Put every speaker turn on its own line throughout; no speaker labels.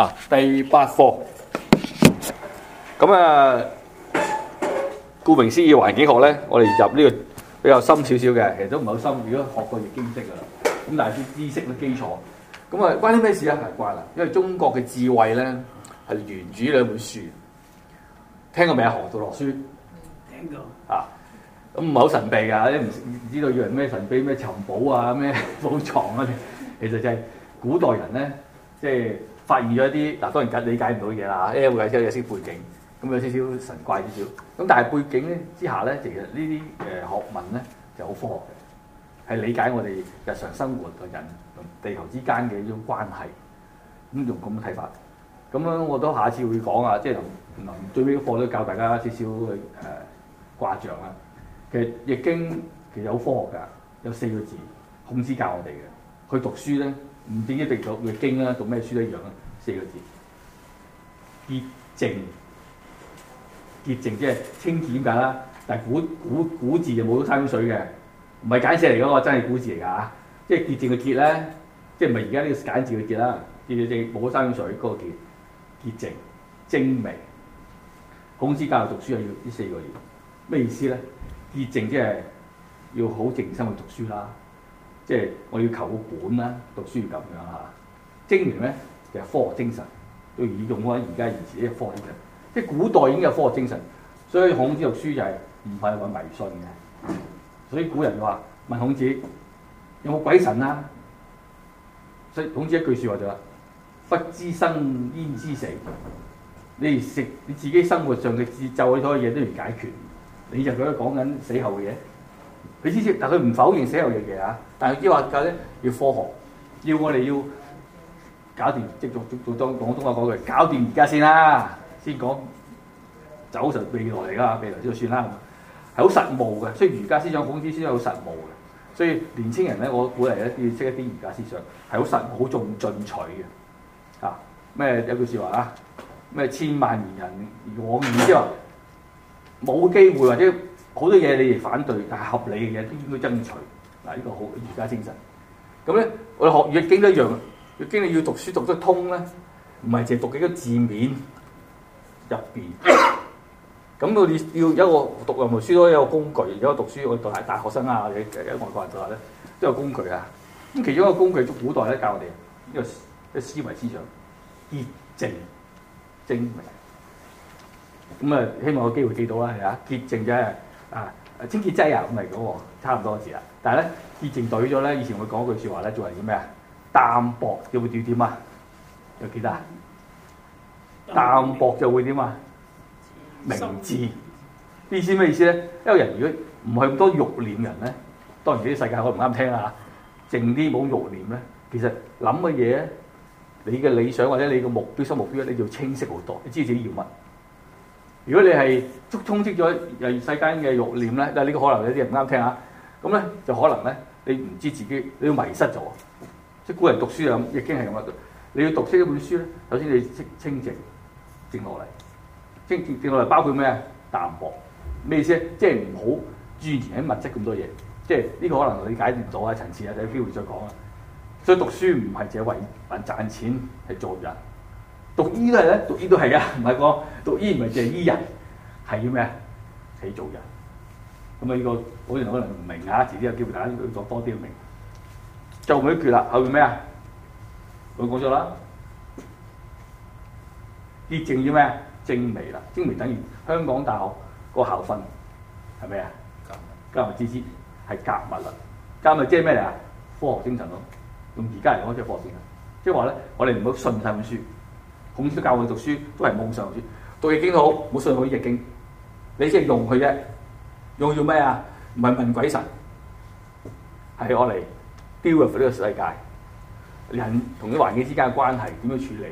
啊、第八課，咁啊，顧名思義，環境學咧，我哋入呢個比較深少少嘅，其實都唔係好深，如果學過易經識噶啦，咁但係啲知識咧基礎，咁啊關於咩事啊？係關啦，因為中國嘅智慧咧係源於兩本書，聽過未啊？《河圖洛書》
聽過
啊，咁唔係好神秘噶，你唔知道以為咩神秘咩尋寶啊咩寶藏啊，其實就係古代人咧，即係。發現咗一啲嗱，當然解理解唔到嘢啦嚇，因為會解釋有啲背景，咁有少少神怪少少，咁但係背景咧之下咧，其實呢啲誒學問咧就好科學嘅，係理解我哋日常生活同人同地球之間嘅呢種關係。咁用咁嘅睇法，咁樣我都下次會講啊，即係臨最尾嘅課都教大家少少誒卦象啊。其實《易經》其實好科學㗎，有四個字孔子教我哋嘅，去讀書咧。唔點定讀嘅經啦？讀咩書一樣四個字：潔淨、潔淨即係清潔咁解啦。但係古古古字就冇咗三水嘅，唔係簡寫嚟噶，我真係古字嚟㗎嚇。即係潔淨嘅潔咧，即係唔係而家呢個簡字嘅潔啦。潔的潔冇咗三水嗰、那個潔，潔淨、精明。孔子教育讀書係要呢四個字，咩意思咧？潔淨即係要好靜心去讀書啦。即係我要求本啦，讀書咁樣嚇。證明咧就係科學精神都已用開而家以前啲科學精神，即係古代已經有科學精神。所以孔子讀書就係唔係話迷信嘅。所以古人就話問孔子有冇鬼神啦、啊。所以孔子一句説話就話：不知生焉知死？你食你自己生活上嘅節奏，你所有嘢都唔解決，你就喺度講緊死後嘅嘢。佢知識，但佢唔否認寫有樣嘢啊！但佢之話教咧要科學，要我哋要搞掂，繼續做做當我通常講句，搞掂而家先啦，先講走實未來嚟㗎，未來先就算啦咁。係好實務嘅，所以儒家思想講啲先有實務嘅。所以年青人咧，我鼓勵一啲識一啲儒家思想，係好實好重進取嘅。嚇咩有句説話啊？咩千萬年人以往遠之外，冇機會或者。好多嘢你哋反對，但係合理嘅嘢都應該爭取。嗱，呢個好儒家精神。咁咧，我哋學語經一樣，要經你要讀書讀得通咧，唔係淨係讀幾個字面入邊。咁你要有一個讀任何書,有個有個書,書都有個工具，有讀書我讀大學生啊，我哋嘅外國人就話咧都有工具啊。
咁其中
一個工具，足古代咧教我哋呢個嘅思維思想，潔淨精明。咁啊，希望有機會記到啦，係啊，潔淨啫。啊！清潔劑啊，咁嚟嘅喎，差唔多字啊。但係咧，潔淨懟咗咧，以前我講句説話咧，做人要咩啊？淡薄，叫唔叫點啊？有幾多啊？淡薄就會點啊？明智。意思咩意思咧？因為人如果唔係咁多慾念人咧，當然呢啲世界我唔啱聽啊。靜啲冇慾念咧，其實諗嘅嘢咧，你嘅理想或者你嘅目標、收目標咧，要清晰好多。你知唔知自己要乜？如果你係足充斥咗世間嘅慾念咧，但係呢個可能有啲人唔啱聽啊，咁咧就可能咧你唔知自己你要迷失咗，即係古人讀書啊，易經係咁啊，你要讀識一本書咧，首先你清清靜靜落嚟，清靜靜落嚟包括咩淡薄，咩意思？即係唔好駐然喺物質咁多嘢，即係呢個可能你解唔到啊層次啊，有機會再講啊。所以讀書唔係淨係為賺錢，係做人。讀醫都係咧，讀醫都係噶，唔係講讀醫唔係淨係醫人，係要咩啊？起做人。咁啊，呢個好似可能唔明啊，遲啲有機會大家講多啲要明。就唔到決啦，後面咩啊？我講咗啦。啲靜要咩啊？精微啦，精微等於香港大學個校訓，係咩？啊？格物致知係格物啦，格物即係咩嚟啊？科學精神咯。咁而家嚟講即係科學精神，即係話咧，我哋唔好信晒本書。咁都教佢讀書，都係夢想讀書。讀易經都好，冇信嗰易經。易經你即係用佢啫，用做咩啊？唔係問鬼神，係我嚟 deal with 呢個世界。人同啲環境之間嘅關係點樣處理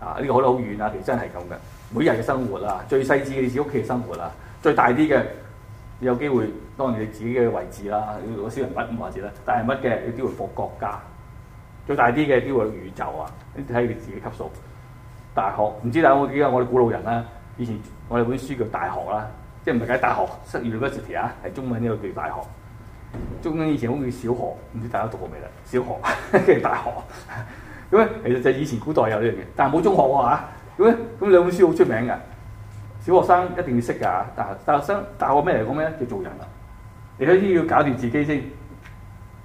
啊？呢、呢個講得好遠啊！其實真係咁嘅。每日嘅生活啊，最細緻嘅自己屋企嘅生活啊，最大啲嘅有機會當然你自己嘅位置啦，如果小人物或者啦，大人物嘅你 deal with 國家，最大啲嘅 deal with 宇宙啊！你睇你自己級數。大學唔知大家有冇記啊？我哋古老人啦、啊，以前我哋本書叫《大學》啦，即係唔係解大學失業嗰陣時啊？係中文呢個叫大學。中文以前好似叫小學，唔知大家讀過未啦？小學跟 大學咁咧，其實就以前古代有呢樣嘢，但係冇中學喎咁咧，咁兩本書好出名㗎。小學生一定要識㗎嚇。大學生，大學咩嚟講咩叫做人啦、啊。你首先要搞掂自己先，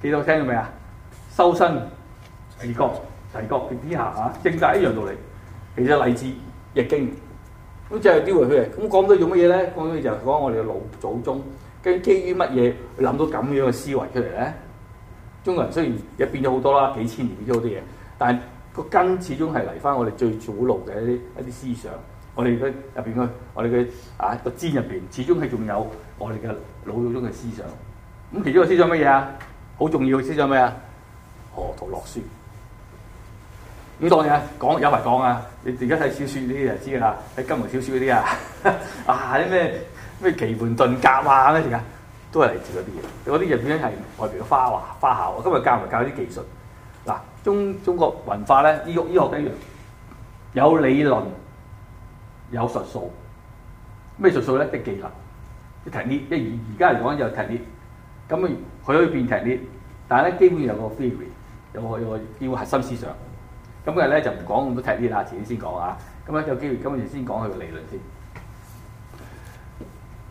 記到聽到未啊？修身、治國、齊家、平天下嚇，正解一樣道理。其實嚟自《易經》就是丟去，咁就係丟回佢嚟。咁講咁做乜嘢咧？講嘅就係講我哋嘅老祖宗，究竟基基於乜嘢諗到咁樣嘅思維出嚟咧？中國人雖然而家變咗好多啦，幾千年變咗好多嘢，但係個根始終係嚟翻我哋最老祖宗嘅一啲一啲思想。我哋入邊嘅我哋嘅啊個尖入邊，始終係仲有我哋嘅老祖宗嘅思想。咁其中個思想乜嘢啊？好重要嘅思想咩啊？河圖洛書。咁當然啊，講有排講啊。你而家睇小説呢啲就知㗎啦，睇金庸小説嗰啲啊，啊啲咩咩奇門遁甲啊，咩嘢啊，都係嚟自嗰啲嘢。嗰啲入邊係外邊嘅花華花巧。我今日教埋教啲技術嗱。中中國文化咧，醫藥醫學都一樣有理論有術數。咩術數咧？啲技能，啲踢裂，而而家嚟講就踢裂。咁佢可以變踢裂，但係咧基本有個 theory，有個有個叫核心思想。今日咧就唔講咁多踢啲啦，遲啲先講啊。咁樣有機會，今日先講佢嘅理論先。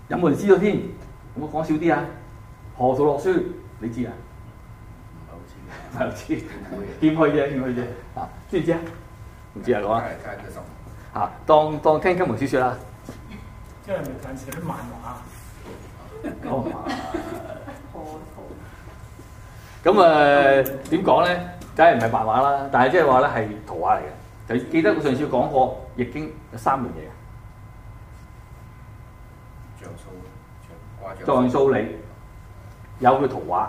有冇人知道添？我講少啲啊。河圖洛書？你知啊？唔係好知，唔係好知。見開啫，見開啫。啊，知唔知，不知啊？唔知啊，講啊。啊，當當聽金門小説啦。
即係近時嗰啲漫畫。
咁誒點講咧？ 啊梗係唔係白話啦？但係即係話咧，係圖畫嚟嘅。就記得我上次講過《易經有三件》，三樣嘢嘅。象
數、象數。象數理
有個圖畫，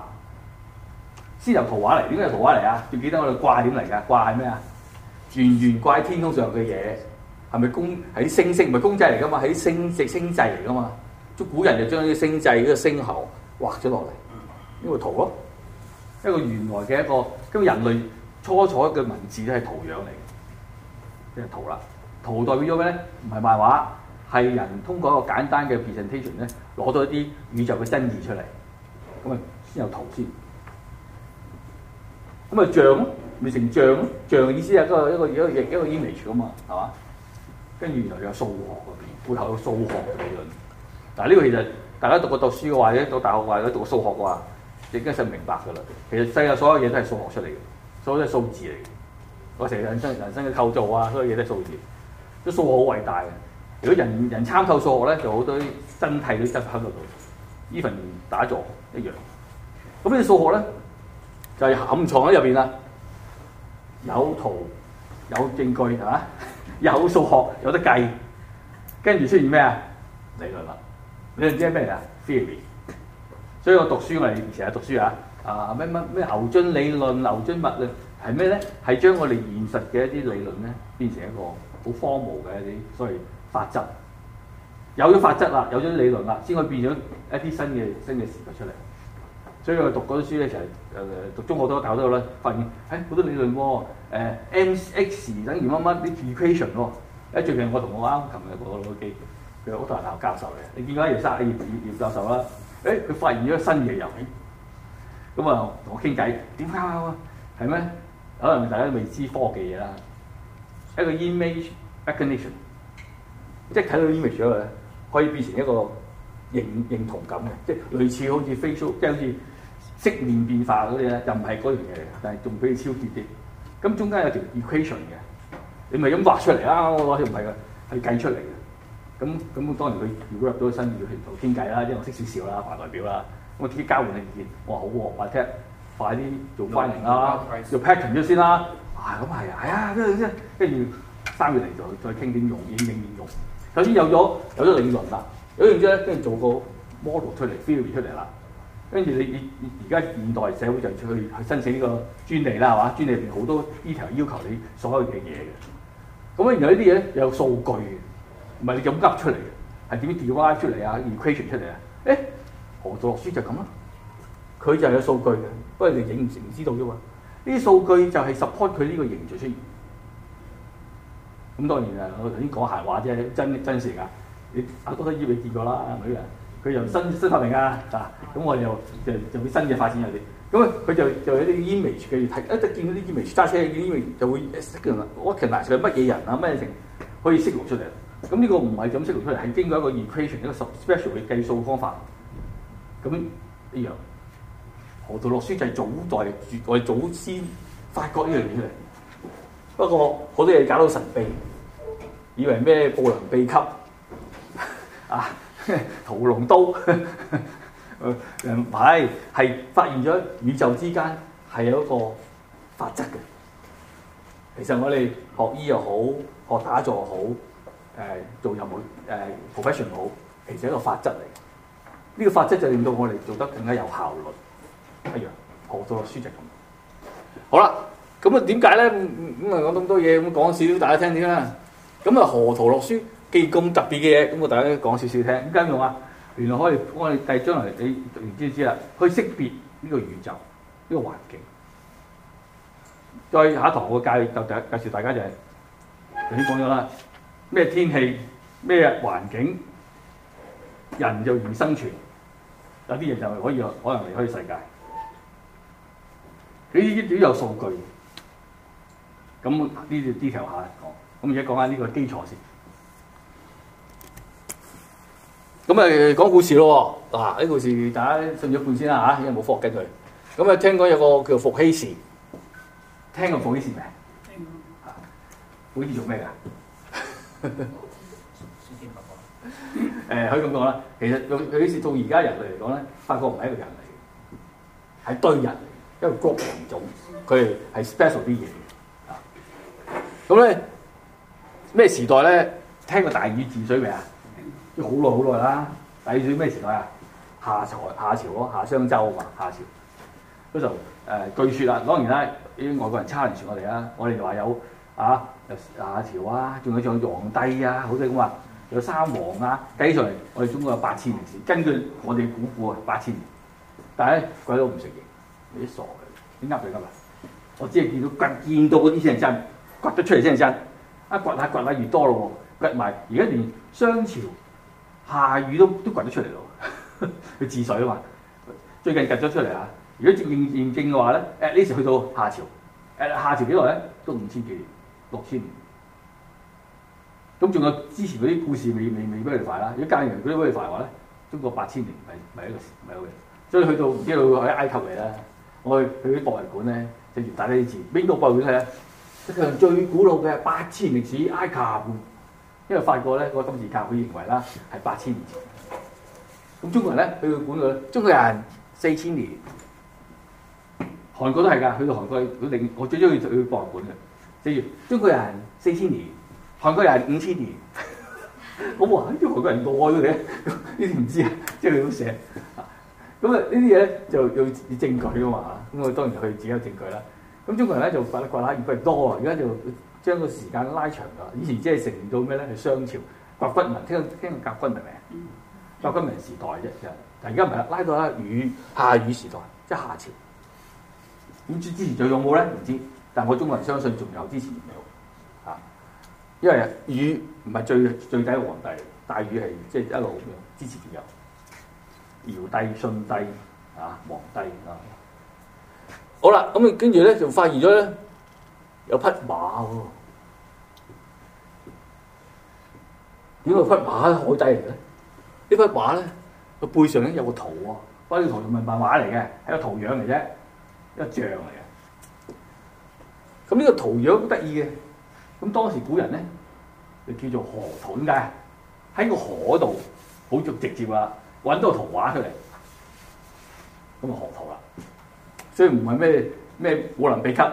先由圖畫嚟。點解係圖畫嚟啊？要記得我哋卦係點嚟㗎？卦係咩啊？圓圓掛天空上嘅嘢係咪公？係星星，唔係公仔嚟㗎嘛？係啲星，即星際嚟㗎嘛？咁古人就將啲星際嗰啲星猴畫咗落嚟，呢、呢個圖咯，一個原來嘅一個。咁人類初初嘅文字都係圖樣嚟嘅，即係圖啦。圖代表咗咩咧？唔係漫畫，係人通過一個簡單嘅 presentation 咧，攞到一啲宇宙嘅真意出嚟。咁啊，先有圖先。咁啊，像變成像，像嘅意思係一個一個一個一個 image 啊嘛，係嘛？跟住又有數學嗰邊，背後有數學嘅理論。嗱，呢個其實大家讀過讀書嘅話或者讀大學嘅話咧，讀過數學嘅話。亦都梗係明白噶啦，其實世界所有嘢都係數學出嚟嘅，所有都係數字嚟嘅。我成日人生人生嘅構造啊，所有嘢都係數字，啲數學好偉大嘅。如果人人參透數學咧，就好多啲真摯都質喺嗰度，even 打坐一樣。咁呢數學咧就係暗藏喺入邊啦，有圖有證據係、啊、有數學有得計，跟住出現咩啊理論啦，你又知係咩啊 theory。所以我讀書，我係成日讀書啊咩咩咩牛津理論、牛津物論係咩咧？係將我哋現實嘅一啲理論咧變成一個好荒謬嘅一啲所謂法則。有咗法則啦，有咗理論啦，先可以變咗一啲新嘅新嘅事物出嚟。所以我讀嗰啲書咧成日誒讀中學都考到啦，發現誒好、哎、多理論喎、啊呃、M X 等於乜乜啲 equation 喎。最近我同我啱琴日個老機，佢好多大鬧教授嘅。你見嗰葉生、葉葉葉教授啦、啊。誒，佢發現咗新嘢遊戲，咁啊同我傾偈，點解啊？係咩？可能大家未知科技嘢啦。一個 image r e c o g n i t i o n 即係睇到 image 嗰度咧，可以變成一個認認同感嘅，即係類似好似 face book，即係好似識面變化嗰啲咧，又唔係嗰樣嘢嚟，嘅，但係仲比佢超脫啲。咁中間有條 equation 嘅，你咪咁畫出嚟啦，我攞條唔係嘅，係計出嚟嘅。咁咁當然佢如果入咗身要傾傾偈啦，因為我識少少啦，辦代表啦，咁啊啲交換意見，我話好喎，快聽，快啲做翻型啦，做 packing 咗先啦，啊咁係啊，係啊，跟住先，跟住三月嚟就再傾點用，點用點用。首先有咗有咗理論啦，有咗然之咧跟住做個 model 出嚟，feel 出嚟啦，跟住你你而家現代社會就去去申請呢個專利啦，係嘛，專利入邊好多 detail 要求你所有嘅嘢嘅，咁啊然後呢啲嘢又有數據。唔係你咁噏出嚟嘅，係點樣 derive 出嚟啊？Equation 出嚟啊？誒，何作老就咁啦，佢就有數據嘅，不過你影唔成唔知道啫嘛。呢啲數據就係 support 佢呢個形象出現。咁當然啊，我頭先講閒話啫，真真實㗎。你阿多都以為見過啦，女、啊、嘅，佢又新新發明啊，啊，咁我哋又就就，就，就，就，image，就，image, image，就會新嘅發展有啲。咁佢就就有啲 image 嘅，睇。一得見到啲 image 揸車，見 image 就會識嘅啦。屋企嗱住乜嘢人啊？乜嘢嘢可以識讀出嚟？咁、這、呢個唔係咁識出嚟，係經過一個 equation 一個 special 嘅計數方法。咁一樣，河圖洛書就係祖代，絕代、祖先發覺呢樣嘢嚟。不過好多嘢搞到神秘，以為咩武林秘笈啊、屠龍刀，唔、啊、係，係發現咗宇宙之間係有一個法則嘅。其實我哋學醫又好，學打坐又好。誒做任何 professional 好，其實一個法則嚟。呢個法則就令到我哋做得更加有效率。一樣河圖洛書就係咁。好啦，咁啊點解咧？咁啊講咁多嘢，咁講少少大家聽啲啦。咁啊河圖洛書幾咁特別嘅嘢，咁我大家講少少聽，點解用啊？原來可以，我哋第將來你讀完之後知啦，可以識別呢個宇宙，呢個環境。再下一堂我介就介介紹大家，就係頭先講咗啦。咩天氣，咩環境，人就易生存。有啲嘢就可，可以可能離開世界。呢啲有數據。咁呢呢條下嚟講，咁而家講下呢個基礎先。咁誒講故事咯，嗱呢故事大家信咗半先啦吓，因為冇科學根據。咁誒聽講有個叫伏羲氏，聽過伏羲氏未？聽過。伏羲做咩㗎？誒可以咁講啦，其實到到而家人類嚟講咧，發覺唔係一個人嚟嘅，係堆人，因為各人種佢係 special 啲嘢嘅。咁咧咩時代咧？聽過大禹治水未啊？好耐好耐啦。大禹治咩時代啊？夏朝，夏朝咯，夏商周啊嘛，夏朝嗰時候誒，據説啦，當然啦，啲外國人差人住我哋啦，我哋話有啊。夏朝啊，仲有黃帝啊，好似咁話，有三皇啊，計起上嚟，我哋中國有八千年史。根據我哋古庫啊，八千年。但係鬼都唔食嘢，你傻嘅，點解就咁啦。我只係見到掘見到嗰啲先真，掘得出嚟先真。一掘下掘下越多咯，掘埋而家連商朝夏禹都都掘得出嚟咯，佢 治水啊嘛。最近掘咗出嚟啊。如果驗驗證嘅話咧，誒呢時去到夏朝，誒夏朝幾耐咧，都五千幾年。六千年，咁仲有之前嗰啲故事未未未俾佢哋快啦！如果家人嗰啲俾佢快話咧，中國八千年係係一個事，唔係一個事。所以去到唔知道喺埃及嚟啦，我哋去啲博物館咧，就越大啲字。邊度博物館世界上最古老嘅八千年史埃及，因為法國咧我今字教佢認為啦係八千年。咁中國人咧去個館度咧，中國人四千年，韓國都係㗎，去到韓國佢令我最中意去博物館嘅。月中國人四千年，韓國人五千年，咁話啲韓國人多咗嘅，呢啲唔知啊，即係佢冇寫。咁啊，呢啲嘢咧就要要證據噶嘛。咁我當然佢自有證據啦。咁中國人咧就骨碌骨碌，如果唔多啊。而家就將個時間拉長啦。以前即係成到咩咧？係商朝，甲骨文聽聽甲骨係咪？甲骨文，文時代啫，但係而家唔係啦，拉到啊禹，夏禹時代，即、就、係、是、夏朝。咁之之前仲有冇咧？唔知。但我中國人相信仲有支持嘅，啊！因為禹唔係最最低嘅皇帝，大禹係即係一路支持仲有，堯帝、舜帝啊，皇帝啊。好啦，咁跟住咧就發現咗咧有匹馬喎，個、這個匹馬係海底嚟咧？呢匹馬咧個背上咧有個圖喎，嗰啲圖唔係漫畫嚟嘅，係個圖樣嚟啫，一象嚟。咁、這、呢個圖樣好得意嘅，咁當時古人咧就叫做河圖嘅，喺個河度好直接啊，揾到個圖畫出嚟，咁啊河圖啦，所以唔係咩咩庫林比克，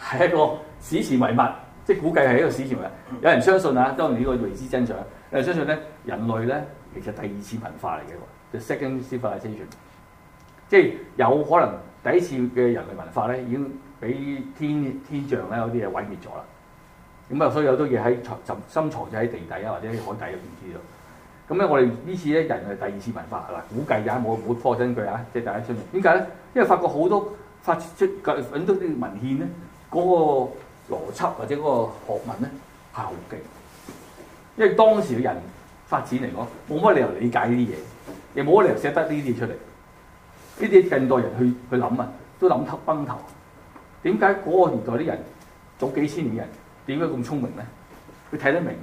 係一個史前遺物，即係估計係一個史前嘅、嗯。有人相信啊，當然呢個未知真相，有人相信咧人類咧其實是第二次文化嚟嘅，就 second civilization，即係有可能第一次嘅人類文化咧已經。喺天天象咧有啲嘢毀滅咗啦，咁啊，所以有好多嘢喺藏深藏就喺地底啊，或者喺海底啊，唔知道咁咧，我哋呢次咧人係第二次文化嗱，估計嘅冇冇科學根據啊，即係第一出嚟。點解咧？因為發覺好多發出揾到啲文獻咧，嗰個邏輯或者嗰個學問咧係好勁。因為當時嘅人發展嚟講，冇乜理由理解呢啲嘢，又冇乜理由寫得呢啲出嚟。呢啲近代人去去諗啊，都諗得崩頭。點解嗰個年代啲人，早幾千年嘅人點解咁聰明咧？佢睇得明咧？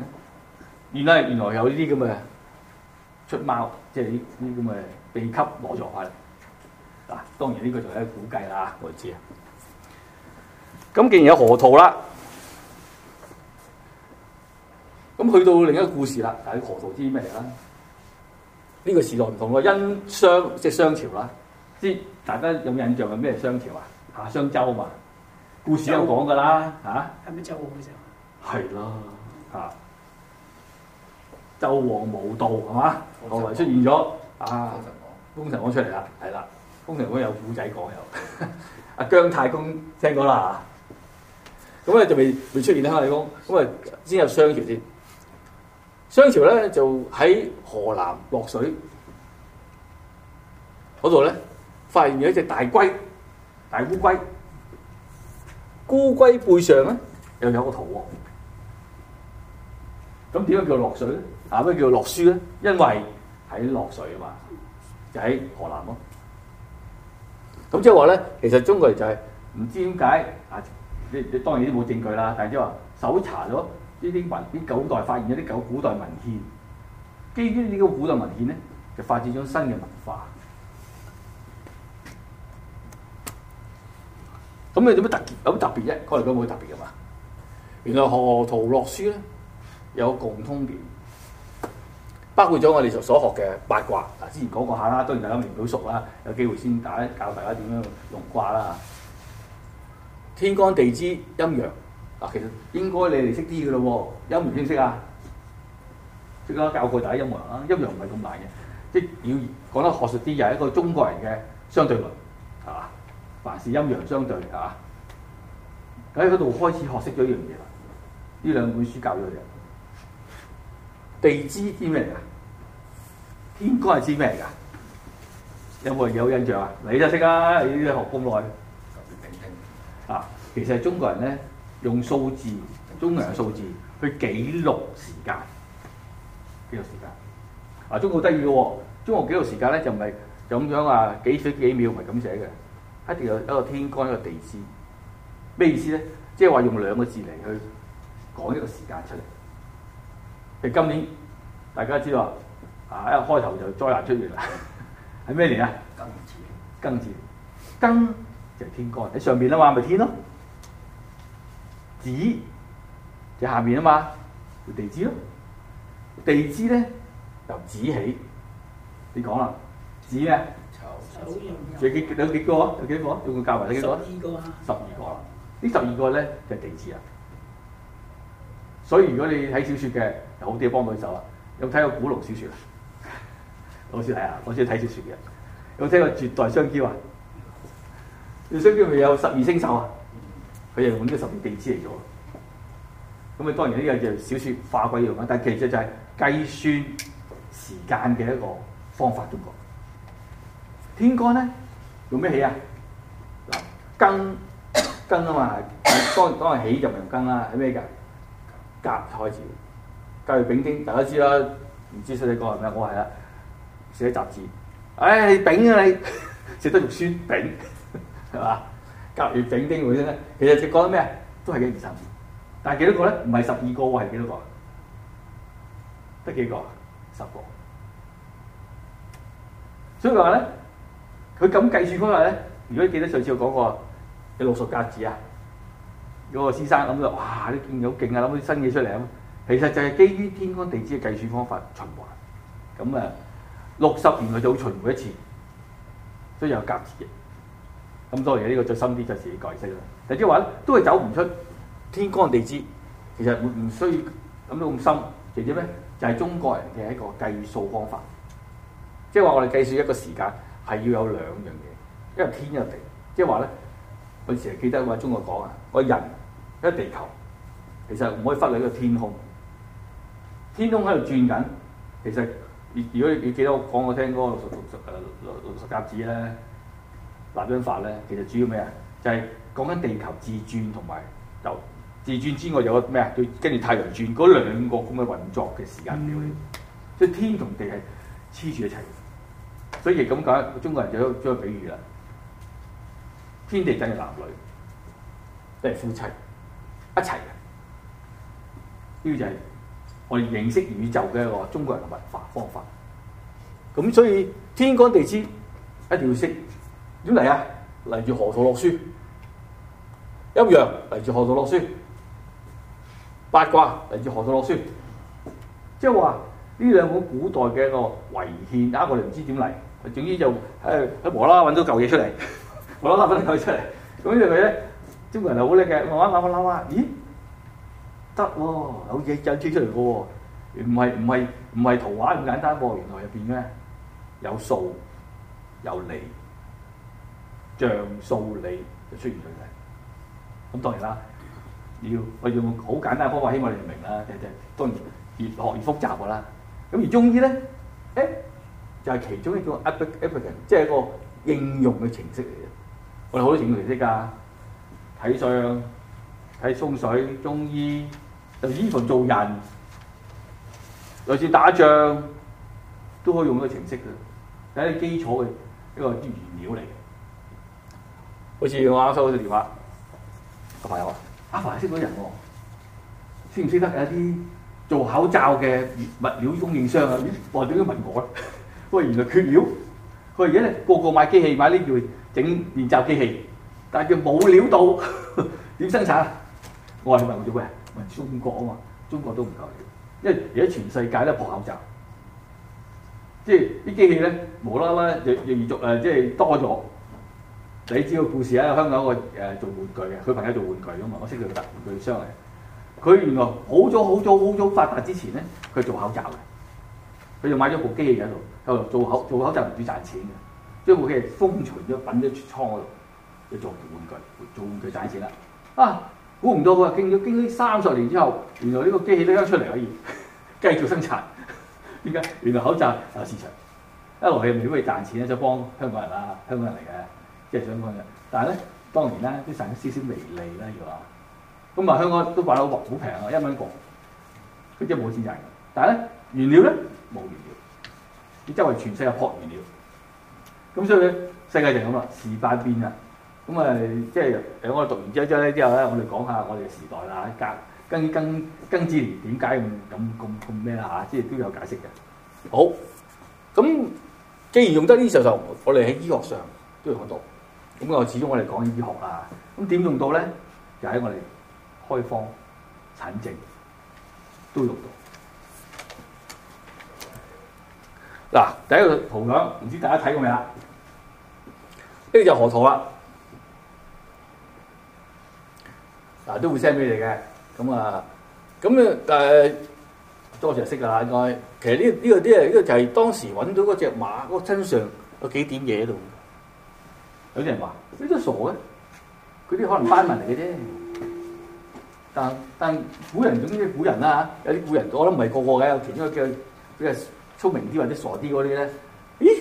原來原來有呢啲咁嘅出貓，即係呢啲咁嘅秘笈攞咗翻嚟。嗱，當然呢個就係一個估計啦，我知啊。咁既然有河圖啦，咁去到另一個故事啦，但係河圖知咩嚟啦？呢、呢個時代唔同個殷商，即係商朝啦。即大家有冇印象係咩商朝啊？夏商周啊嘛。故事有講噶啦，吓係咪紂王嘅時候係啦，吓、啊周，啊、紂王無道係嘛，後來出現咗啊，封神榜出嚟啦，係啦，封神榜有古仔講有，阿 姜太公聽過啦吓，咁啊就未未出現啦，太公咁啊先有商朝先，商朝咧就喺河南洛水嗰度咧發現咗一隻大龜，大烏龜。孤龜背上咧又有個圖喎，咁點解叫落水咧？啊咩叫落書咧？因為喺落水啊嘛，就喺河南咯。咁即係話咧，其實中國人就係、是、唔知點解，啊，你你當然都冇證據啦。但係即係話搜查咗呢啲文，呢九代發現咗啲九古代文獻，基於呢個古代文獻咧，就發展咗新嘅文化。咁你做咩特別？有咩特別啫？嗰嚟都冇特別噶嘛？原來河圖洛書咧有共通點，包括咗我哋所學嘅八卦。嗱，之前講過下啦，當然大家唔到熟啦，有機會先教教大家點樣用卦啦。天干地支、陰陽嗱，其實應該你哋識啲噶咯喎，陰陽識唔識啊？即刻教佢大家陰陽啦，陰陽唔係咁難嘅，即係要講得學術啲，又係一個中國人嘅相對論，係嘛？凡事陰陽相對的，係喺嗰度開始學識咗一樣嘢啦。呢兩本書教咗佢哋。地支之咩嘅？天干係知咩，有冇有人有印象啊？你就識啊！你學咁耐。啊，其實中國人咧，用數字，中華數字去記錄時間。記錄時間？啊，中國得意喎！中國記錄時間咧？就唔係咁樣啊，幾水幾秒唔係咁寫嘅。一定有一個天干一個地支，咩意思咧？即係話用兩個字嚟去講一個時間出嚟。你今年大家知道啊，一開頭就災難出現啦。係咩年啊？庚子。庚子。庚，庚就係天干喺上邊啦嘛，咪天咯。子就下面啊嘛，就地支咯。地支咧由子起，你講啦，子嘅。有幾個有幾多啊？有幾多？總共加埋有幾多？十二個啦！呢十二個咧就是、地支啊！所以如果你睇小說嘅有好啲，幫到你手啦、啊。有睇過古龍小說啊？老師係啊，我中意睇小說嘅。有睇過《絕代雙驕》雙有啊？《絕代雙驕》咪有十二星宿啊？佢係用呢個十二地支嚟做。咁啊，當然呢個就小說化鬼用啊，但係其實就係計算時間嘅一個方法中國。天干咧用咩起啊？庚，庚庚啊嘛，當當係起就唔用庚啦，起咩噶？甲開始，甲乙丙丁大家知啦。唔知細細個係咩？我係啦，寫雜誌。唉、哎，丙啊你，寫得肉酸丙，係嘛？甲乙丙丁嗰啲咧，其實就講咩啊？都係一二三字，但係幾多個咧？唔係十二個喎，係幾多個？得幾個？十個。所以話咧。佢咁計算方法咧，如果你記得上次我講過，有六十甲子啊，嗰、那個先生諗到哇，你見好勁啊，諗啲新嘢出嚟啊。其實就係基於天干地支嘅計算方法循環，咁、嗯、啊六十年佢就會循環一次，所以有甲子嘅。咁當然呢個最深啲就自己解釋啦。就即係話都係走唔出天干地支，其實唔唔需要諗到咁深，其實呢，就係、是、中國人嘅一個計數方法，即係話我哋計算一個時間。係要有兩樣嘢，一為天一個地，即係話咧，我成日記得話中國講啊，個人喺地球，其實唔可以忽略一個天空。天空喺度轉緊，其實如果你記得我講我聽嗰、那個六十六十、呃、六十甲子咧，納音法咧，其實主要咩啊？就係講緊地球自轉同埋由自轉之外有個咩啊？跟住太陽轉嗰兩個咁嘅運作嘅時間表，即、嗯、係天同地係黐住一齊。所以咁解中國人就將個比喻啦。天地真係男女，真係夫妻一齊嘅。呢個就係我哋認識宇宙嘅一個中國人嘅文化方法。咁所以天干地支一定要識點嚟啊？嚟自河圖洛書，陰陽嚟自河圖洛書，八卦嚟自河圖洛書。即係話呢兩個古代嘅一個遺獻，啊！我哋唔知點嚟。總之就誒，冇啦啦，揾到嚿嘢出嚟，冇啦啦，揾到嚿嘢出嚟。咁所以咧，中國人好叻嘅，慢慢慢慢諗下，咦？
得
喎、啊，有嘢印出嚟嘅喎，唔係唔係唔係圖畫咁簡單喎、啊。原來入面咧有數有理，象數理就出現咗嘅。咁當然啦，我要我用好簡單嘅方法，希望你明啦。誒誒，當然越學越複雜嘅啦。咁而中醫咧，誒、欸？就係、是、其中一種 app，application 即係一個應用嘅程式嚟嘅。我哋好多應用程式㗎，睇相、睇風水、中醫，又衣服做人，類似打仗，都可以用呢個程式嘅。係基礎嘅一個原料嚟。好似我啱收到個電話，阿朋友啊，阿凡友識到人喎、哦，識唔識得有啲做口罩嘅物料供應商啊？來者問我。不過佢原來缺料，佢而家咧個個買機器買呢樣整面罩機器，但係佢冇料到點生產？我話你問我做咩？問中國啊嘛，中國都唔夠料，因為而家全世界都破口罩，即係啲機器咧無啦啦就越越續誒、呃、即係多咗。你知道故事喺、啊、香港個誒、呃、做玩具嘅，佢朋友做玩具啊嘛，我識佢個大玩具商嚟。佢原來好早好早好早發達之前咧，佢做口罩嘅。佢就買咗部機器喺度，喺度做口做口罩唔止賺錢嘅，將部機封存咗，揼咗出倉嗰度，去做玩具，做玩具賺錢啦。啊，估唔到喎，經咗經三十年之後，原來呢個機器都一出嚟可以繼續生產。點解？原來口罩就有市場， 來市場 一路去為咗去賺錢咧，就幫香港人啦，香港人嚟嘅，即係想幫人。但係咧，當年咧啲賺少少微利啦，要話，咁啊香港都話得好平啊，一蚊個，佢即係冇錢賺。但係咧，原料咧。冇原料，你周圍全世界撲原料，咁所以咧，世界就咁啦，時代變啦，咁啊、就是，即係誒，我哋讀完之後咧之後咧，我哋講下我哋嘅時代啦，更更更更年點解咁咁咁咩啦嚇，即係都有解釋嘅。好，咁既然用得呢時候我哋喺醫學上都要用得到，咁啊，始終我哋講醫學啊，咁點用到咧？就喺我哋開方診症都用得到。嗱，第一個圖樣唔知大家睇過未啦？呢個就河圖啦，嗱都會 send 俾你嘅，咁啊，咁啊誒，多數人識噶啦，應該。其實呢呢個啲啊，呢個就係當時揾到嗰隻馬個身上有幾點嘢喺度。有啲人話：呢啲傻嘅，佢啲可能斑紋嚟嘅啫。但但古人總之古人啦有啲古人我都唔係個個嘅，其中嘅嘅。聰明啲或者傻啲嗰啲咧？咦，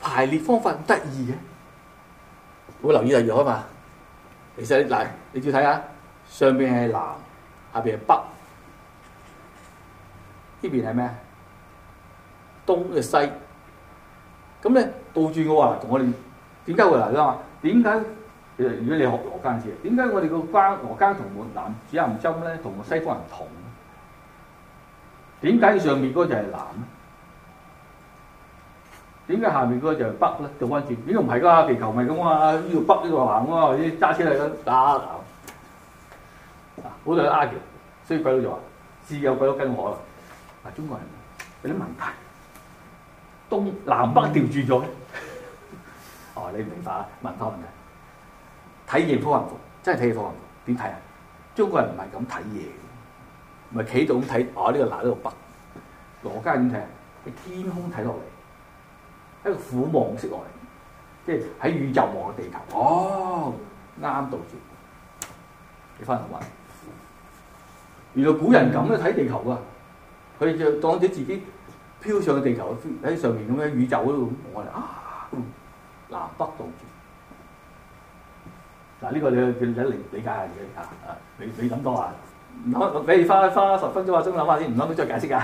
排列方法咁得意嘅，會留意第二啊嘛。其實嗱，你照睇下，上邊係南，下邊係北，呢邊係咩啊？東定係西。咁咧倒轉嘅話，同我哋點解會嚟啦？點解？其實如果你學羅家字，點解我哋個家羅家同南指南針咧，同西方人唔同？點解上面嗰就係南？，點解下面嗰個就係北咧倒翻轉？點解唔係噶，地球咪咁啊！呢個北，呢個南喎，啲揸車嚟啦，揸、啊、頭、啊。好啦 argue 所以鬼佬就話：自有鬼佬跟我啦。中國人有啲問題，東南北調轉咗哦，你唔明白問多問題。睇嘢好幸福，真係睇嘢好幸福。點睇啊？中國人唔係咁睇嘢，唔係企度咁睇。哦，啊、呢不這不、啊這個南呢個北。羅家點睇啊？天空睇落嚟。一個俯望式落嚟，即係喺宇宙望嘅地球。哦，
啱
啱倒轉，你翻嚟嘛？原來古人咁樣睇、嗯、地球啊！佢就當住自己漂上地球，喺上面咁樣宇宙嗰度，我哋啊、嗯、南北倒轉。嗱，呢個你你，你理解下自己啊啊！你你諗多啊？諗，俾你花花十分鐘或鐘諗下先，唔諗到再解釋㗎。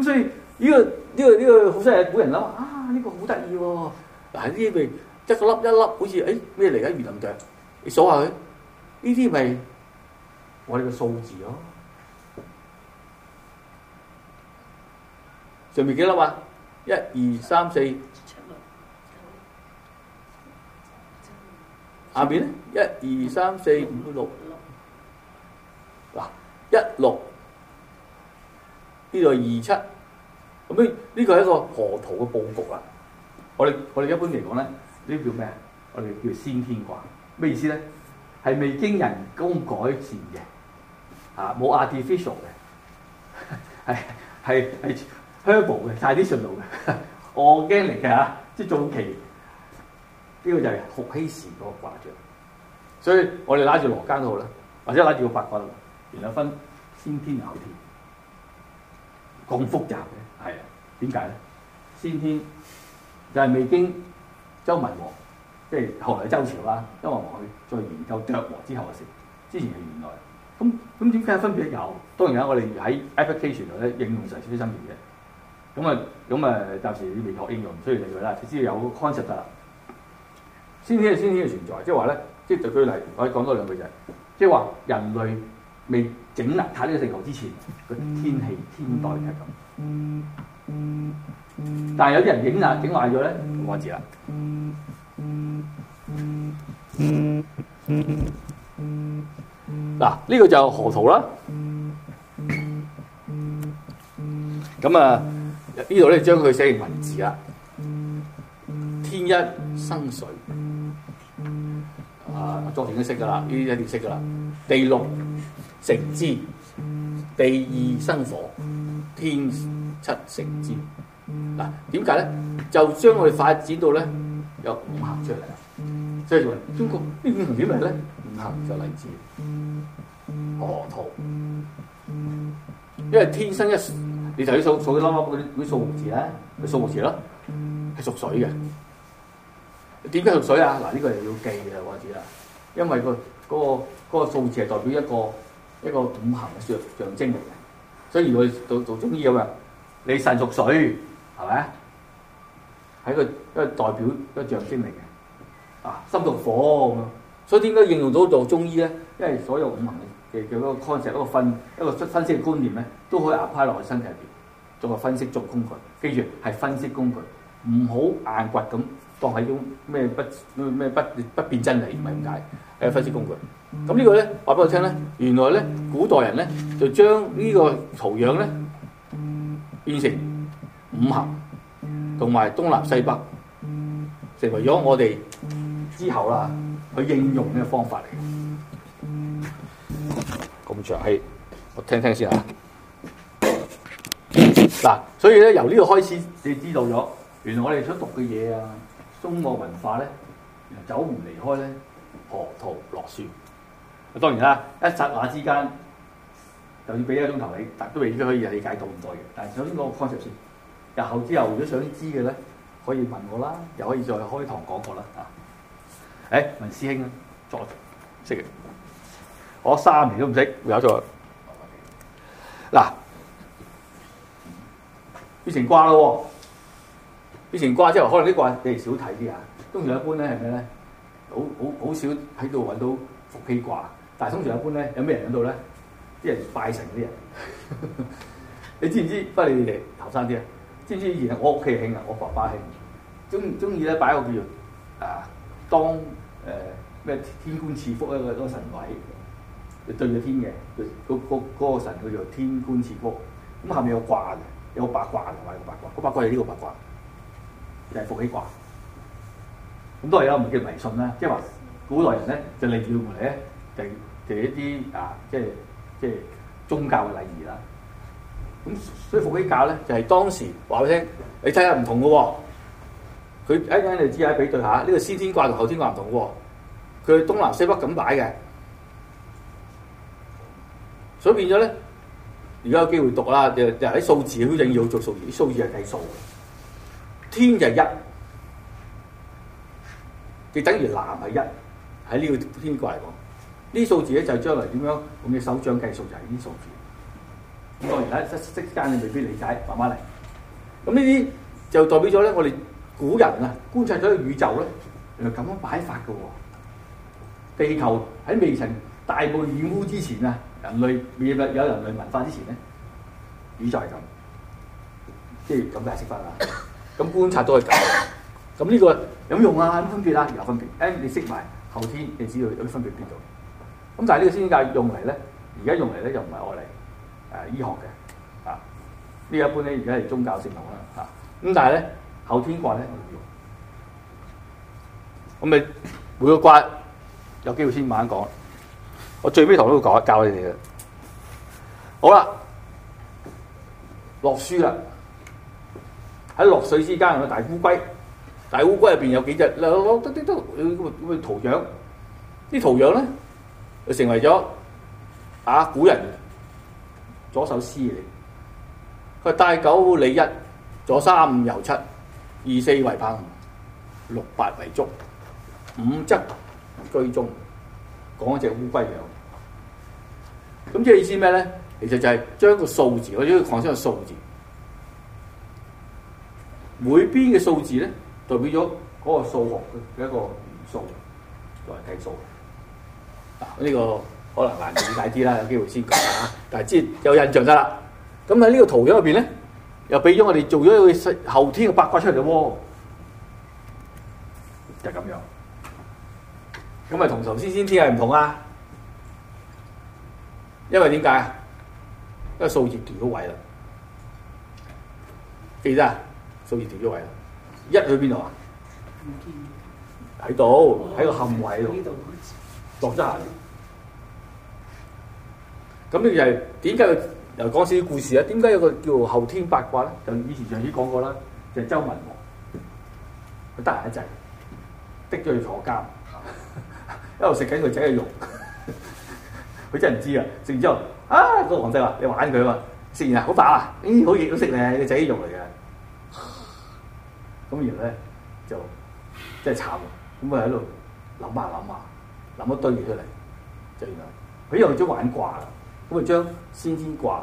咁所以。呢、這個呢、這個呢、這個啊這個好犀利、哦！古人諗啊，呢個好得意喎。嗱，喺呢邊一個粒一粒，好似誒咩嚟嘅？魚鱗石，你數下佢。呢啲咪我哋嘅數字咯、哦。上面幾粒啊？一二三四。下面咧，一二三四五六。嗱、啊，一六。呢度二七。咁呢？呢個係一個河圖嘅佈局啦。我哋我哋一般嚟講咧，呢叫咩啊？我哋叫先天卦。咩意思咧？係未經人工改善嘅，嚇冇 artificial 嘅，係係係 natural 嘅，大自然度嘅。我驚嚟嘅嚇，即係早期。呢、這個就係伏羲氏嗰個卦象。所以我哋攞住羅庚都好或者攞住個八卦度，原來分先天後天咁複雜嘅。係啊，點解咧？先天就係未經周文王，即係後來周朝啦，周文王去再研究約和之後嘅、就、事、是。之前係原來。咁咁，點解分別有？當然啦，我哋喺 application 度咧應用上係少啲分別嘅。咁啊，咁啊，暫時未學應用，唔需要理佢啦，只要有 concept 得啦。先天係先天嘅存在，即係話咧，即就舉例，我講多兩句就係，即係話人類。未整邋遢呢個地球之前，個天氣天代係咁。但係有啲人整邋整壞咗咧，我字啦。嗱、嗯，呢、嗯這個就河圖啦。咁啊，呢度咧將佢寫成文字啦。天一生水，啊，作業都識噶啦，呢啲一定識噶啦。地六。成之，地二生火，天七成之。嗱、啊，點解咧？就將佢發展到咧有五行出嚟。即係話中國這麼呢五行點嚟咧？五行就嚟自河圖，因為天生一，你就要數數粒粒嗰啲嗰數字咧，係數字咯，係屬水嘅。點解屬水啊？嗱，呢個又要記嘅或者啊，因為、嗰個嗰、嗰個嗰、嗰個數字係代表一個。一個五行嘅象象徵嚟嘅，所以如果做做中醫咁樣，你腎屬水，係咪？係個一個代表一個象徵嚟嘅，啊，心屬火咁樣。所以點解應用到做中醫咧？因為所有五行嘅嘅嗰個 concept，嗰分一個分析嘅觀念咧，都可以壓派落去身體入邊，做個分析做工具。記住係分析工具，唔好硬掘咁當係種咩不咩不不變真理，唔係咁解。係、嗯、分析工具。咁呢個咧話俾我聽咧，原來咧古代人咧就將呢個圖樣咧變成五行同埋東南西北，成為咗我哋之後啦去應用呢個方法嚟嘅。咁長氣，我聽聽先啊。嗱，所以咧由呢度開始，你知道咗原來我哋所讀嘅嘢啊，中國文化咧走唔離開咧河圖洛書。當然啦，一剎那之間就要俾一個鐘頭你，但都未必可以理解到咁多嘢。但首先講個 concept 先。日後之後，如果想知嘅咧，可以問我啦，又可以再開堂講過啦。嚇！誒，問師兄啊，再識嘅，我三年都唔識，我有錯啦。嗱，變成卦啦，變成卦之後，可能啲卦你哋少睇啲啊。通常一般咧係咩咧？好好好少喺度揾到伏羲卦。大通船一般咧，有咩人響度咧？啲人拜神，啲人， 你知唔知？不過你哋後生啲啊，知唔知？原來我屋企慶啊，我爸爸慶，中中意咧擺一個叫啊，當誒咩、呃、天官賜福咧、那個神位，對住天嘅，嗰、那個神叫做天官賜福。咁下面有卦嘅，有八卦嘅，買個八卦，個八卦係呢個八卦，就係伏羲卦。咁都係有一門叫迷信啦，即係話古代人咧就嚟叫嚟咧就是。就一啲啊，即係即係宗教嘅禮儀啦。咁所以伏羲教咧，就係、是、當時話畀你聽，你睇下唔同嘅喎、哦。佢一眼你知啊，比對下呢、這個先天卦同後天卦唔同嘅喎、哦。佢東南西北咁擺嘅，所以變咗咧。而家有機會讀啦，就就喺數字修正要做數字，數字係計數嘅。天就係一，就等於南係一喺呢個天卦嚟講。呢啲數字咧就係將來點樣用隻手掌計數就係呢啲數字。咁當然啦，一即間你未必理解，慢慢嚟。咁呢啲就代表咗咧，我哋古人啊觀察咗個宇宙咧，原來咁樣擺法噶喎。地球喺未曾大部染污之前啊，人類未有人類文化之前咧，宇宙係咁，即係咁嘅識法啦。咁觀察都係咁。咁、這、呢個有冇用啊？有分別啊？有分別。誒，你識埋後天你，你知道有啲分別邊度？咁但係呢個先天界用嚟咧，而家用嚟咧又唔係我嚟，誒醫學嘅，啊呢一般咧而家係宗教性用啦，吓咁但係咧後天卦咧，我咪每個卦有機會先慢慢講，我最尾同你講，教你哋嘅好啦，洛書啦，喺洛水之間有個大烏龜，大烏龜入邊有幾隻，攞攞得啲都，咁嘅圖樣，啲圖樣咧。就成為咗打古人左手詩嚟，佢帶九理一，左三五右七二四為五六八為足，五則居中，講一隻烏龜樣。咁即係意思咩咧？其實就係將個數字，或者要個擴充個數字，每邊嘅數字咧代表咗嗰個數學嘅一個元素嚟計數。嗱，呢個可能難度大啲啦，有機會先講下。但係知有印象得啦。咁喺呢個圖樣入邊咧，又俾咗我哋做咗一個後天嘅八卦出嚟咯喎，就咁樣。咁咪同頭先先天係唔同啊？因為點解啊？因為數字調咗位啦。記唔記得？數字調咗位啦。一去邊度啊？唔見喺度，喺個陷位度。落咗下啲，咁呢就係點解？又講少啲故事啊！點解有個叫做後天八卦咧？就以前上次講過啦，就係、周文王，佢得閒一陣，的咗去坐監，啊、 一路食緊佢仔嘅肉，佢 真係唔知啊！食完之後，啊個皇帝話：你玩佢啊嘛！食完啊、嗯、好飽啊！咦，好似好食你個仔嘅肉嚟嘅。咁 然後咧就真係慘，咁啊喺度諗下諗下，攬一堆住出嚟，就原來佢又咗玩卦啦，咁就將先天卦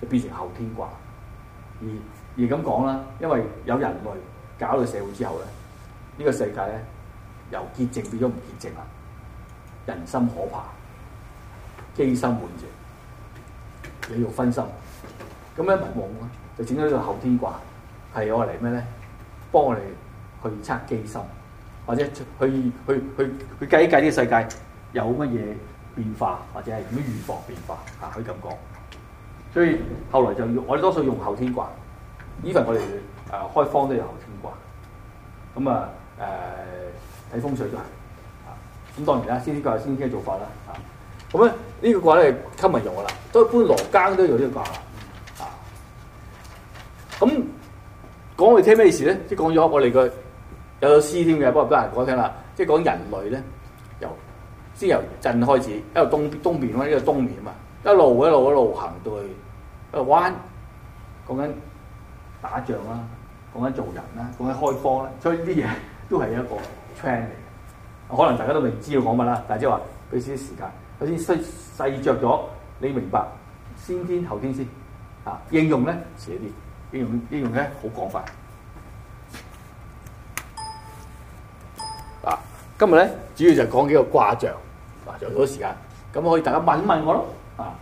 就變成後天卦。而而咁講啦，因為有人類搞到社會之後咧，呢個世界咧由潔淨變咗唔潔淨啦，人心可怕，機心滿住，你要分心，咁咧無望啦，就整咗呢個後天卦，係我嚟咩咧？幫我哋去測機心。或者去去去去，去計一計呢個世界有乜嘢變化，或者係點預防變化啊？可以咁講。所以後來就要我哋多數用後天卦，呢份我哋誒開方都有後天卦。咁啊誒睇風水都係啊。咁當然啦，先天卦先嘅做法啦啊。咁咧呢個卦咧吸咪用噶啦，都一般羅庚都有呢個卦啦啊。咁講我哋聽咩意思咧？即講咗我哋。句。有個詩添嘅，不過得閒講下聽啦。即係講人類咧，由先由震開始，一路東東面啦，這個，一路東面嘛，一路一路一路行到去，一路彎。講緊打仗啦，講緊做人啦，講緊開荒啦，所以呢啲嘢都係一個趨勢嚟嘅。可能大家都明知要講乜啦，但係即係話俾少少時間，首先細細著咗，你明白先天後天先嚇。應用咧少啲，應用應用咧好廣泛。今日咧主要就講幾個卦象，卦象好多時間，
咁可以大家問一問我咯。啊，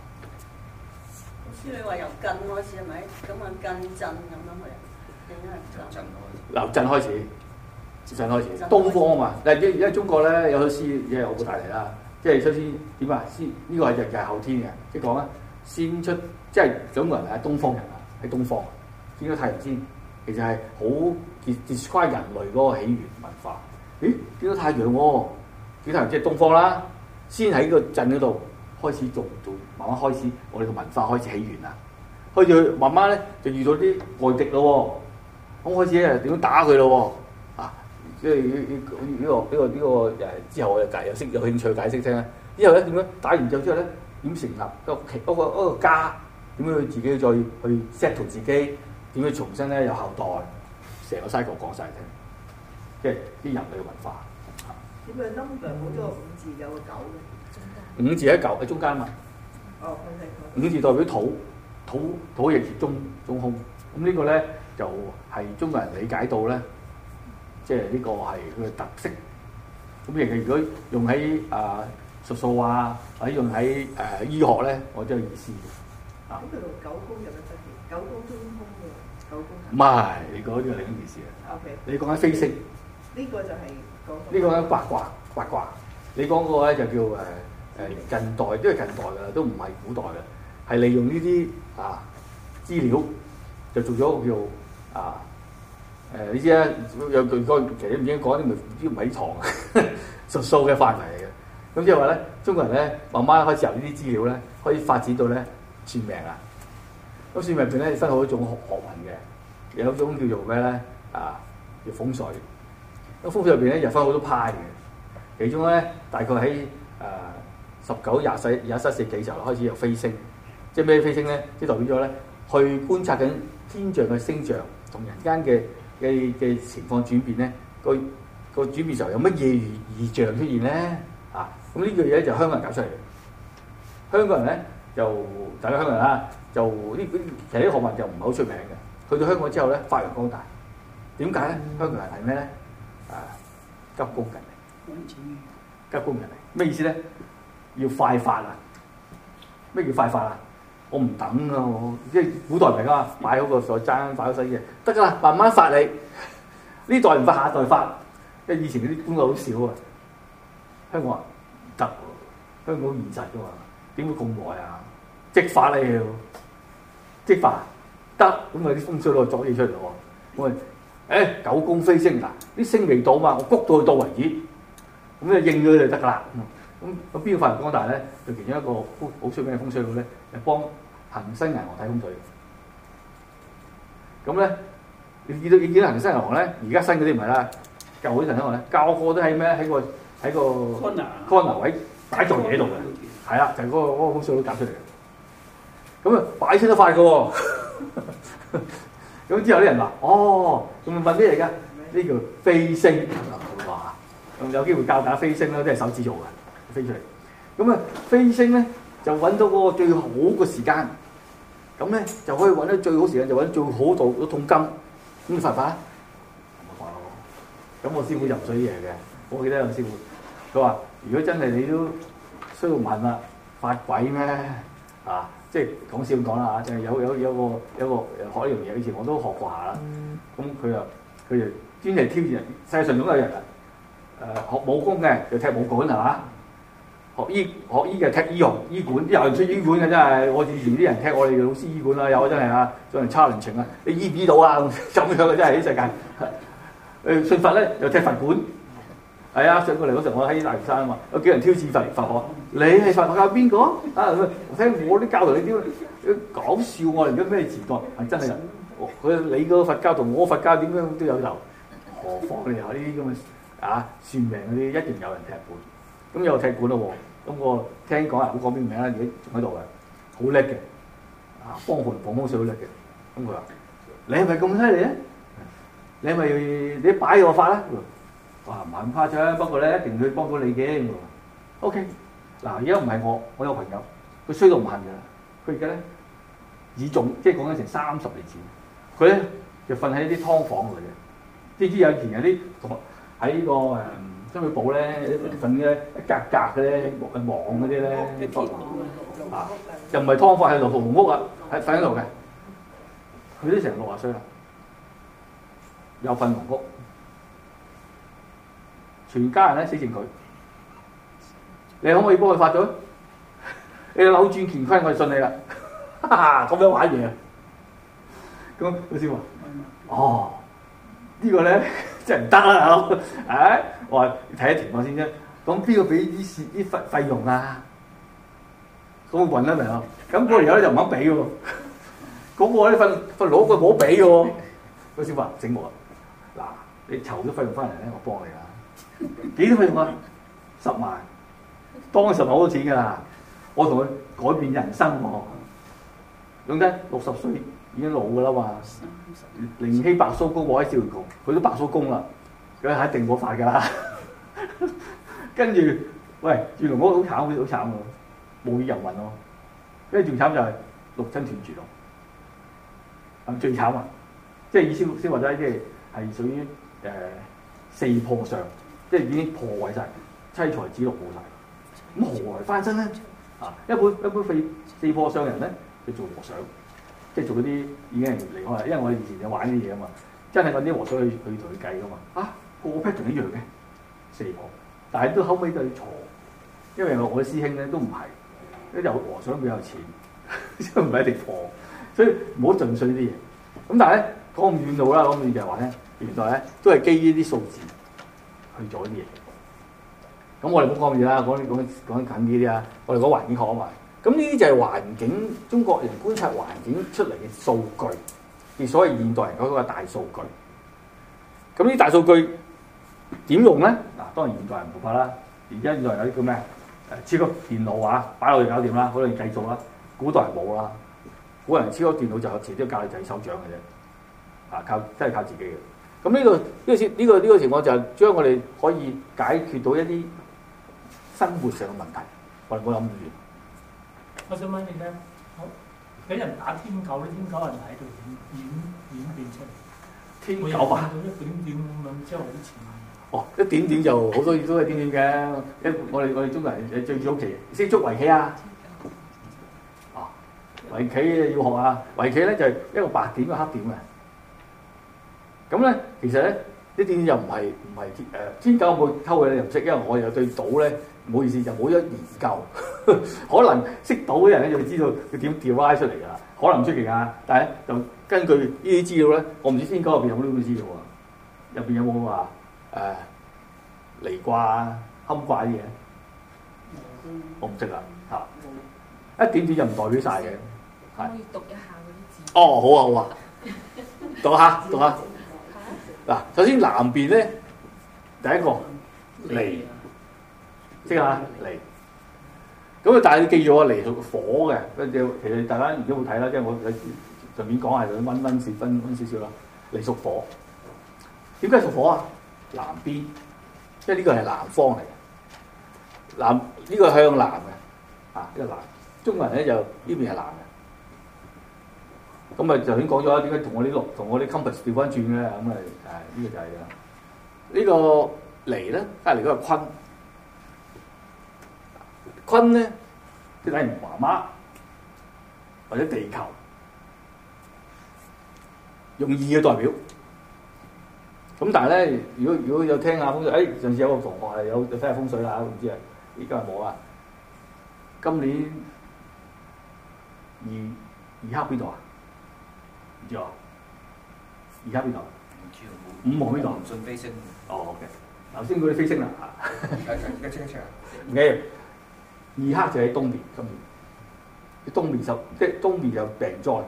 老
師你話由近開始係咪？咁啊近震咁樣去啊？
定係
劉震開始？劉震開始，震開始。東方啊嘛，因因為中國咧有啲師，即係好大嚟啦。即係首先點啊？先呢、這個係人係後天嘅，即係講啊，先出，即係中國人係東方人啊，喺東方。呢個太陽先其實係好 describe 人類嗰個起源文化。咦？見到太陽喎，見到太陽即係東方啦，先喺個鎮嗰度開始做做，慢慢開始我哋個文化開始起源啦。開始慢慢咧就遇到啲外敵咯，咁開始咧點樣打佢咯？啊，即係呢個呢個呢個誒，之後我有解有識有興趣解釋聽。之後咧點樣打完仗之後咧點成立一個屋個屋個家？點樣自己再去 settle 自己？點樣重新咧有後代？成個 cycle 講曬。即係啲人類文化點解 number 好多個五字
有個九嘅？
五字一九喺中間啊嘛。
哦，
五字代表土土土亦是中中空咁、嗯這個、呢個咧就係、是、中國人理解到咧，即係呢個係佢嘅特色。咁尤其如果用喺啊術數啊，或、呃、者用喺誒、呃、醫學咧，我都有意思嘅。啊、嗯，
咁譬如九宮有乜特地？九宮中空嘅，九宮唔係你
講呢個另一件事啊。O.K. 你講緊飛星。呢、這個就係呢、這個咧八卦八卦。你講嗰個咧就叫誒誒近代，因為近代噶啦，都唔係古代啦，係利用呢啲啊資料就做咗一個叫啊誒呢啲咧有句歌其實唔應該講啲咪唔係藏術數嘅範圍嚟嘅。咁即係話咧，中國人咧慢慢開始由這些資呢啲資料咧可以發展到咧算命啊。咁算命佢咧分好多種學學問嘅，有一種叫做咩咧啊叫風水。風水入邊咧又分好多派嘅，其中咧大概喺誒十九廿世廿一世紀時候開始有飛星，即係咩飛星咧？即係代表咗咧，去觀察緊天象嘅星象同人間嘅嘅嘅情況轉變咧，個個、個個轉變時候有乜嘢異象出現咧？啊，咁呢樣嘢就香港人搞出嚟，香港人咧就大家香港人啦，就呢其實呢項學問就唔係好出名嘅，去到香港之後咧發揚光大。點解咧？香港人係咩咧？急功近利，急功近利，咩意思咧？要快發啊！咩叫快發啊？我唔等啊！我即係古代嚟啊嘛，擺好個再爭快好啲嘅，得噶啦，慢慢發你。呢代唔發，下一代發，因為以前嗰啲工作好少啊。香港唔得喎，香港現實噶嘛，點會咁耐啊？即發你要，即發得咁咪啲風水佬作嘢出嚟喎，我。誒、哎、九宮飛星嗱，啲星未到嘛，我谷到去到為止，咁就應咗佢就得㗎啦。
咁咁
標發光大咧，就其中一個好出名嘅風水佬咧、啊啊，就幫恒生銀行睇風水咁咧，你見到見到恒生銀行咧，而家新嗰啲唔係啦，舊啲恒生銀行咧，個個都喺咩？喺個喺個崗崗位擺在嘢度嘅，係啦，就係嗰個風風水佬揀出嚟嘅。咁啊，擺出得快嘅喎。咁之後啲人話：哦，仲問啲嚟噶？呢叫飛星，啊！咁有機會教大家飛星啦，即係手指做嘅飛出嚟。咁啊，飛星咧就揾到嗰個最好嘅時間，咁咧就可以揾到最好的時間，就揾最好度嗰桶金。咁你發唔發？咁我師傅入水嘢嘅，我記得有師傅，佢話：如果真係你都需要問啦，發鬼咩啊？即係講笑講啦嚇，就係有一有一個有一個有個學呢樣嘢，以前我都學過下啦。咁佢又佢就專係挑戰人，世上總有人啦。誒學武功嘅又踢武館係嘛？學醫學醫嘅踢醫館係嘛？學醫嘅踢醫館，啲人出醫館嘅真係，我以前啲人踢我哋嘅老師醫館啊，有真係啊，做人差人情啊，你醫唔醫到啊咁樣嘅真係呢世界。誒、嗯，信佛咧又踢佛館。係啊，上過嚟嗰時，我喺大嶼山啊嘛，有幾人挑戰佛佛學？你係佛教邊個？啊，我聽我啲教徒你點？你搞笑啊！而家咩時代？係真係，佢、哦、你個佛教同我佛教點樣都有頭，何況你有呢啲咁嘅啊算命嗰啲一定有人踢館。咁有踢館咯、啊、喎，咁我聽講係好講邊名啦？而家仲喺度嘅，好叻嘅，啊幫韓、幫歐少好叻嘅。咁佢話，你係咪咁犀利啊？你係咪你擺我法啦！哇唔係咁誇張，不過咧一定會幫到你嘅。O K，嗱而家唔係我，我有朋友，佢衰到唔行嘅。佢而家咧已仲即係講緊成三十年前，佢咧就瞓喺啲劏房嚟嘅。即啲有前有啲同學喺呢個誒中醫部咧瞓嘅一格格嘅咧，望嗰啲咧，啊又唔係劏房喺度，同屋啊，喺喺度嘅。佢都成日六啊歲啦，又瞓農屋。全家人咧死剩佢，你可唔可以幫佢發咗？你扭轉乾坤，我就信你啦！哈，咁樣玩嘢，咁小華，
哦，這個、
呢個咧真係唔得啦嚇！誒，我話睇下情況先啫。咁邊個俾啲啲費費用啊？咁我揾得咪咯？咁過嚟有咧就唔肯俾喎。咁我咧份份攞佢冇好俾喎。喂，小華，整 我，嗱，你籌咗費用翻嚟咧，我幫你啦。幾多費用啊？十萬，當時十好多錢噶。我同佢改變人生喎。總之六十歲已經老噶啦嘛，零稀白鬚公，我喺少月橋，佢都白鬚公啦，咁係一定冇法噶啦。跟 住喂，原來我好慘，好慘喎。無以人云咯。跟住仲慘就係、是、六親斷絕咯，最慘啊？即係意思說或者即係係屬於誒四破上。即係已經破壞晒，妻財子奴破曬，咁何來翻身咧？啊，一般一四破商人咧，就做和尚，即、就、係、是、做嗰啲已經係唔理我啦，因為我以前就玩呢啲嘢啊嘛，真係揾啲和尚去去同佢計噶嘛，啊個批 a 一樣嘅四破，但係都後尾都要錯，因為我我師兄咧都唔係，因為和尚比較錢，即係唔係一碟貨，所以唔好盡信呢啲嘢。咁但係咧講唔遠路啦，講咁遠嘅話咧，原來咧都係基於啲數字。去做呢啲嘢，咁我哋唔好講住啦，講講講緊呢啲啊，我哋講環境啊嘛，咁呢啲就係環境，中國人觀察環境出嚟嘅數據，而所謂現代人講嗰個大數據，咁呢啲大數據點用咧？嗱，當然現代人冇法啦，而家現代人有啲叫咩？誒，超級電腦啊，擺落去搞掂啦，可能繼續啦，古代係冇啦，古人超級電腦就有自己教你仔手掌嘅啫，啊，靠，真係靠自己嘅。咁、這、呢個呢、這個呢、這個呢、這個情況就係將我哋可以解決到一啲生活上嘅問題，我哋冇諗住，我想問你咧，
好俾
人打天狗，啲天狗係喺度演演演變出嚟？天狗吧。一點點咁樣即係以前。哦，一點點就好多嘢都係點點嘅，因 我哋我哋中國人最早期識捉圍棋啊。啊，圍棋要學啊，圍棋咧就係一個白點一個黑點嘅。咁咧，其實咧一啲又唔係唔係誒天狗有，有偷嘅你又唔識，因為我又對賭咧唔好意思就冇咗研究，呵呵可能識賭嘅人咧就知道佢點 derive 出嚟噶啦，可能唔出奇噶，但係就根據呢啲資料咧，我唔知天狗入邊有冇呢啲資料啊，入邊有冇話誒離卦、坎卦啲嘢，我唔識啊，嚇、嗯、一點點就唔代表晒嘅，係。可以讀
一
下嗰啲字。哦，好啊，好啊，讀一下， 讀一下。嗱，首先南邊咧，第一個離，識下？離，咁啊，但你記住啊，離屬火嘅。咁就其實大家如果好睇啦，即係我隨便講係咁温温少分温少少啦。離屬火，點解屬火啊？南邊，即係呢個係南方嚟嘅，南呢、呢個向南嘅，啊，呢個南。中文咧就呢邊係南。咁咪頭先講咗啦，點解同我，我呢六同我啲 compass 調翻轉嘅？咁咪誒呢個就係、是、啦。這個、呢個嚟咧，誒嚟嗰個坤，坤咧即係媽媽或者地球，用二嘅代表。咁但係咧，如果如果有聽下風水，誒、哎、上次有個同學係有有聽下風水啦，唔知啊，而家冇啊。今年二二黑邊度啊？而家邊度？五望邊度？唔、嗯、信飛星。哦，OK。頭先嗰啲飛星啦。唔緊要。二、嗯、黑、嗯嗯嗯、 就喺東面，今年。東面就即係東面有病災。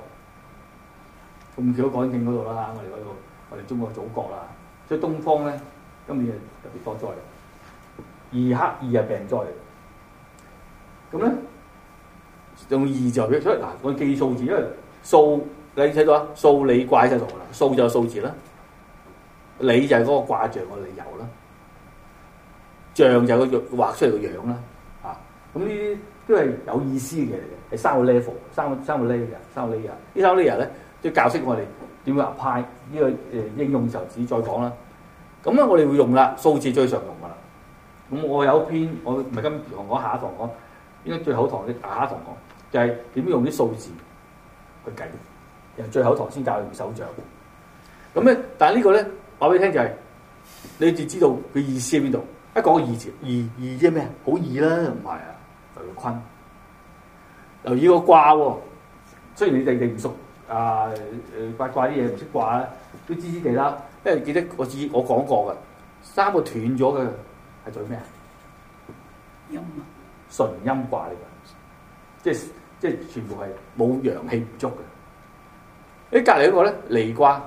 咁少講正嗰度啦我哋嗰度，我哋、那個、中國祖國啦。所以東方咧，今年係特別多災。二黑二又病災。咁咧，用二就即係嗱，我記數字，因為數。你睇到啊？數理卦就同啦，數就數字啦，理就係嗰個卦象嘅理由啦，象就係個畫出嚟嘅樣啦。啊，咁呢啲都係有意思嘅嚟嘅，係三個 level，三個三個 layer，三個 layer。呢三個 layer 咧，即係教識我哋點樣 apply 呢個誒應用嘅時候，再講啦。咁咧，我哋會用啦，數字最常用噶啦。咁我有篇我唔係今堂講，下一堂講，應該最後堂嘅下一堂講，就係點用啲數字去計。人最後堂先教佢手掌，咁咧，但係呢個咧話俾你聽就係、是，你至知道佢意思喺邊度。一講易字，易易啫咩？好易啦，唔係啊，就個坤，留意個卦喎。雖然你哋哋唔熟啊，八卦啲嘢唔識卦咧，都知知哋啦。因為記得我知我講過嘅三個斷咗嘅係做咩啊？
陰嘛，
純陰卦嚟，即係即係全部係冇陽氣唔足嘅。誒，隔離嗰個咧離卦，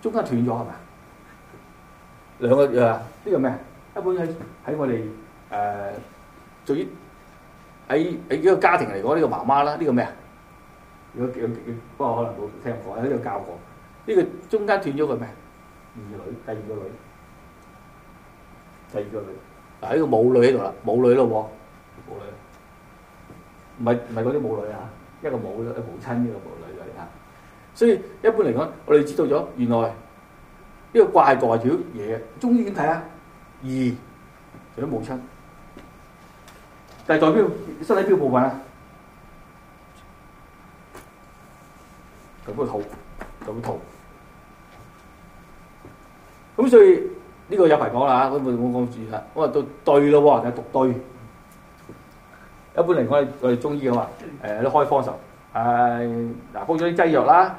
中間斷咗係咪啊？兩個呢個咩啊？一般喺喺我哋誒對於喺喺一個家庭嚟講，呢個媽媽啦，呢個咩啊？如果不過可能冇聽過喺度教過，呢個中間斷咗個咩？二女，第二個女，第二個女，嗱、啊、呢個母女喺度啦，母女咯喎，母女，唔係唔係嗰啲母女啊，一個母女，一個母親呢個母女。所以一般嚟講，我哋知道咗原來呢個卦代表嘢，中醫點睇啊？二代表母親，但代表身體邊部分啊？代表肚，就會肚。咁所以呢、這個有排講啦，咁我們說我注意啦。哇，都對咯喎，係讀對。一般嚟講，我哋中醫嘅話，誒、呃、開方時，係嗱煲咗啲劑藥啦。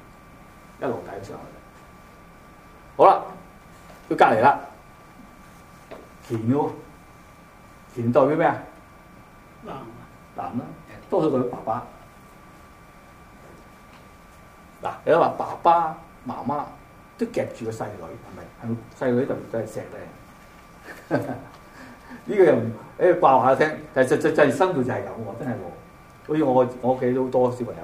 一路睇上嚟，好啦，佢隔離啦，田喎，田代表咩，男的男的多數代表爸爸。嗱，有啲話爸爸媽媽都夾住個細女，係咪？細女都呵呵、這個哎、就是、就係錫你。呢個又誒八卦下聽，但係真實實生活就係咁喎，真係喎。所以我我屋企都好多小朋友。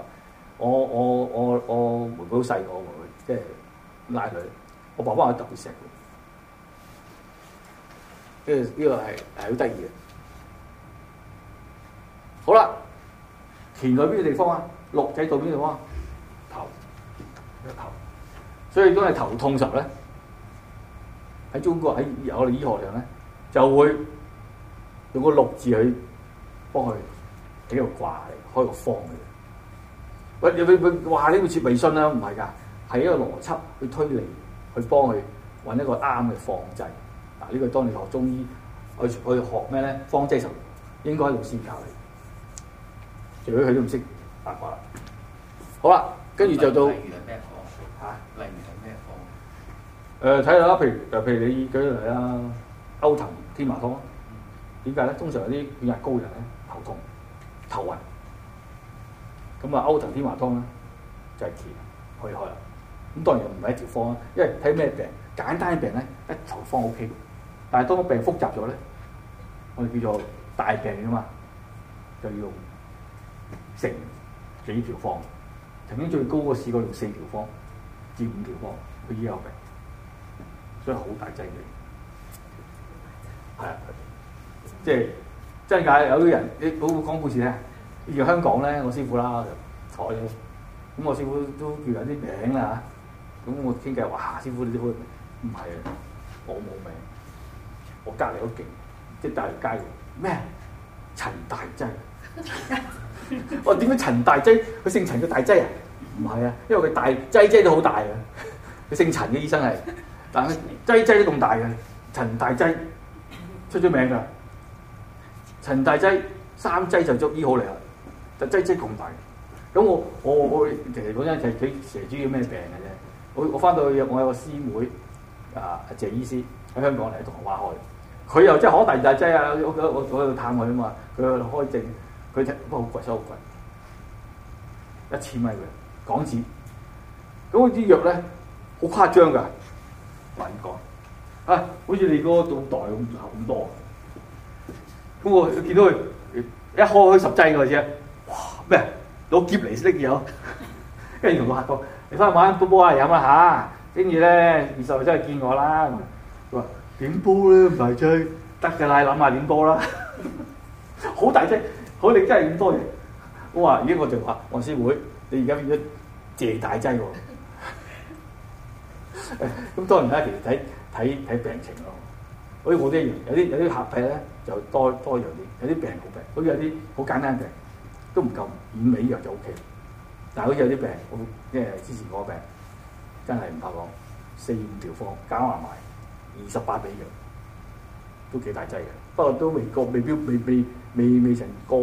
我我我我妹我妹妹，即係拉佢。我爸爸佢特別錫佢，即係呢個係係好得意嘅。好啦，錢在邊個地方啊？六仔在邊度地方啊？頭，一個頭。所以當係頭痛時候咧，喺中國喺我哋醫學上咧，就會用個六字去幫佢喺度掛開個方喂，你你你，呢個設微信啦，唔係㗎，係一個邏輯去推理，去幫佢揾一個啱嘅方劑。嗱，呢個當你學中醫，去去學咩咧？方劑術應該喺度先教你，除非佢都唔識八卦啦。好啦，跟住就到。例如係咩方？嚇？例如係咩方？睇下啦。譬如，譬如你舉例啦，歐藤天麻湯。點解咧？通常有啲血壓高人咧，頭痛、頭暈。咁啊，歐藤天華湯咧，就係、是、甜可以開啦。咁當然又唔係一條方啦，因為睇咩病，簡單嘅病咧一條方 OK。但係當個病複雜咗咧，我哋叫做大病啊嘛，就要成幾條方。曾經最高我試過用四條方至五條方去醫有病，所以好大劑嘅。係啊，即係、就是、真係假？有啲人你講講故事咧。去香港咧，我師傅啦就坐咗。咁我師傅都叫有啲名啦嚇。咁我傾偈，哇！師傅，你都好。唔係啊，我冇名，我隔離好勁，即係大條街嘅咩？陳大劑， 我點解陳大劑？佢姓陳嘅大劑啊？唔係啊，因為佢大劑劑都好大啊。佢姓陳嘅醫生係，但係劑劑都咁大嘅。陳大劑出咗名㗎。陳大劑三劑就捉醫好嚟啦。就劑劑咁大，咁我我我其實講真，睇蛇主要咩病嘅啫。我我翻到去我有個師妹啊，謝醫師喺香港嚟同我話開，佢又即係好大隻劑啊！我我我去探佢啊嘛，佢開症，佢就不過好貴，收好貴，一千蚊嘅港紙。咁佢啲藥咧好誇張㗎，我同你講啊，好似你個袋咁咁多。咁我見到佢一開開十劑嗰嚟啫。咩？攞劫嚟先拎嘢，跟住同我客講：你翻去玩煲煲下飲一下，跟住咧二十號真係見我啦。佢話點煲咧？唔 大劑，得就嗌諗下點煲啦。好大劑，好你真係咁多嘢。我話：已經我就話，黃師妹你而家變咗借大劑喎。咁當然啦，其實睇睇睇病情咯。好似我啲一樣，有啲有啲客病咧就多多樣啲，有啲病好病，好似有啲好簡單嘅病，都唔夠五味藥就 O、OK、K，但係好似有啲病，我即係之前我個病真係唔怕講，四五條方搞埋二十八味藥，都幾大劑嘅。不過都未個未標未未未未曾個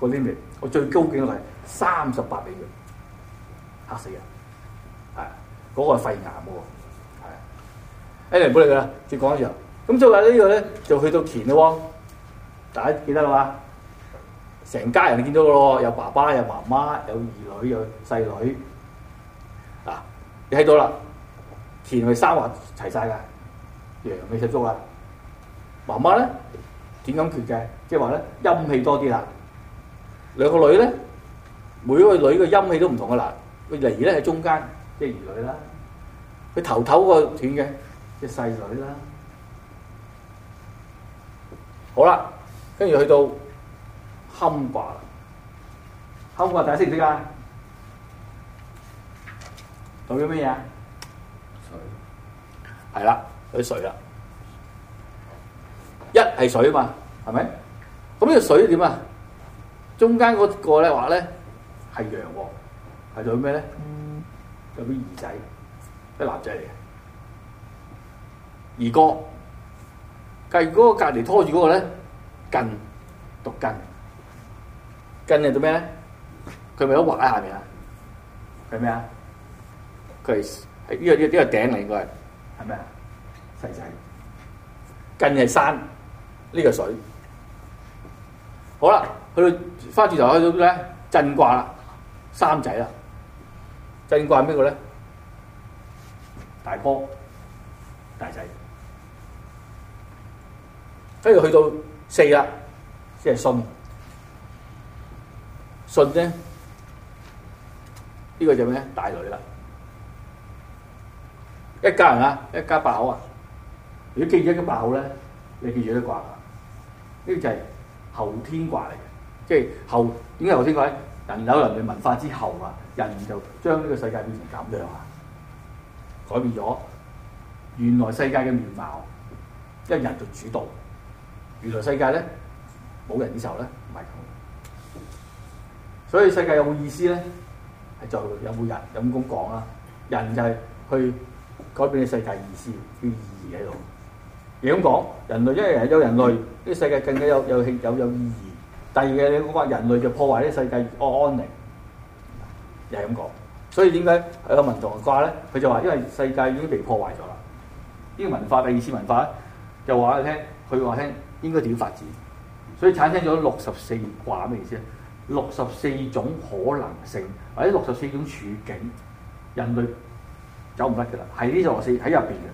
個啲味，我最高記錄係三十八味藥，嚇死人！係嗰、那個係肺癌喎，你 a r i e 唔好嚟㗎，接、欸、講一樣。咁就話呢個咧，就去到鉛咯。大家記得啦嘛。成家人見到個咯，有爸爸，有媽媽，有兒女，有細女，女。啊，你睇到啦，前去生活齊晒㗎，陽氣十足啦。媽媽咧點咁缺嘅？即係話咧陰氣多啲啦。兩個女咧，每個女嘅陰氣都唔同㗎啦。佢離咧喺中間，即係兒女啦。佢頭頭個短嘅，即係細女啦。好啦，跟住去到。空過，空過。第唔啲啊，讀咗咩嘢？水，係啦，佢水啦。一係水嘛，係咪？咁呢個水點啊？中間嗰個咧畫咧係羊，係做咩咧？有啲兒仔，啲男仔嚟嘅兒歌。計嗰個隔離拖住嗰個咧，近讀近。艮係做咩？佢咪喺瓦下邊啊？佢咩啊？佢係呢個呢、這個呢、這個頂嚟，應該係咩啊？細仔，艮係山，呢、這個水。好啦，去返轉頭去到咧，震卦啦，三仔啦，震卦係邊個咧？大哥，大仔。跟住去到四啦，即係巽。信呢，呢、這個就咩？大女啦！一家人啊，一家八口啊，如果記住一家八口咧，你記住都卦啦。呢、這個就係後天卦嚟嘅。即係後，點解後天卦咧？人有人類文化之後啊，人就將呢個世界變成咁樣啊，改變咗原來世界嘅面貌，一人做主導。原來世界咧，冇人嘅時候咧。所以世界有冇意思咧？就有冇人，就咁講啦。人就係去改變世界意思，有意義喺度。你咁講，人類，因為人有人類，啲、這個、世界更加有有有有意義。第二嘅你講話人類就破壞啲世界安安寧，又係咁講。所以點解有民族文化咧？佢就話因為世界已經被破壞咗啦。呢、這個文化第二次文化，就話你聽，佢話聽應該點發展？所以產生咗六十四卦咩意思啊？六十四種可能性，或者六十四種處境，人類走唔甩噶啦，係呢六十四喺入邊嘅。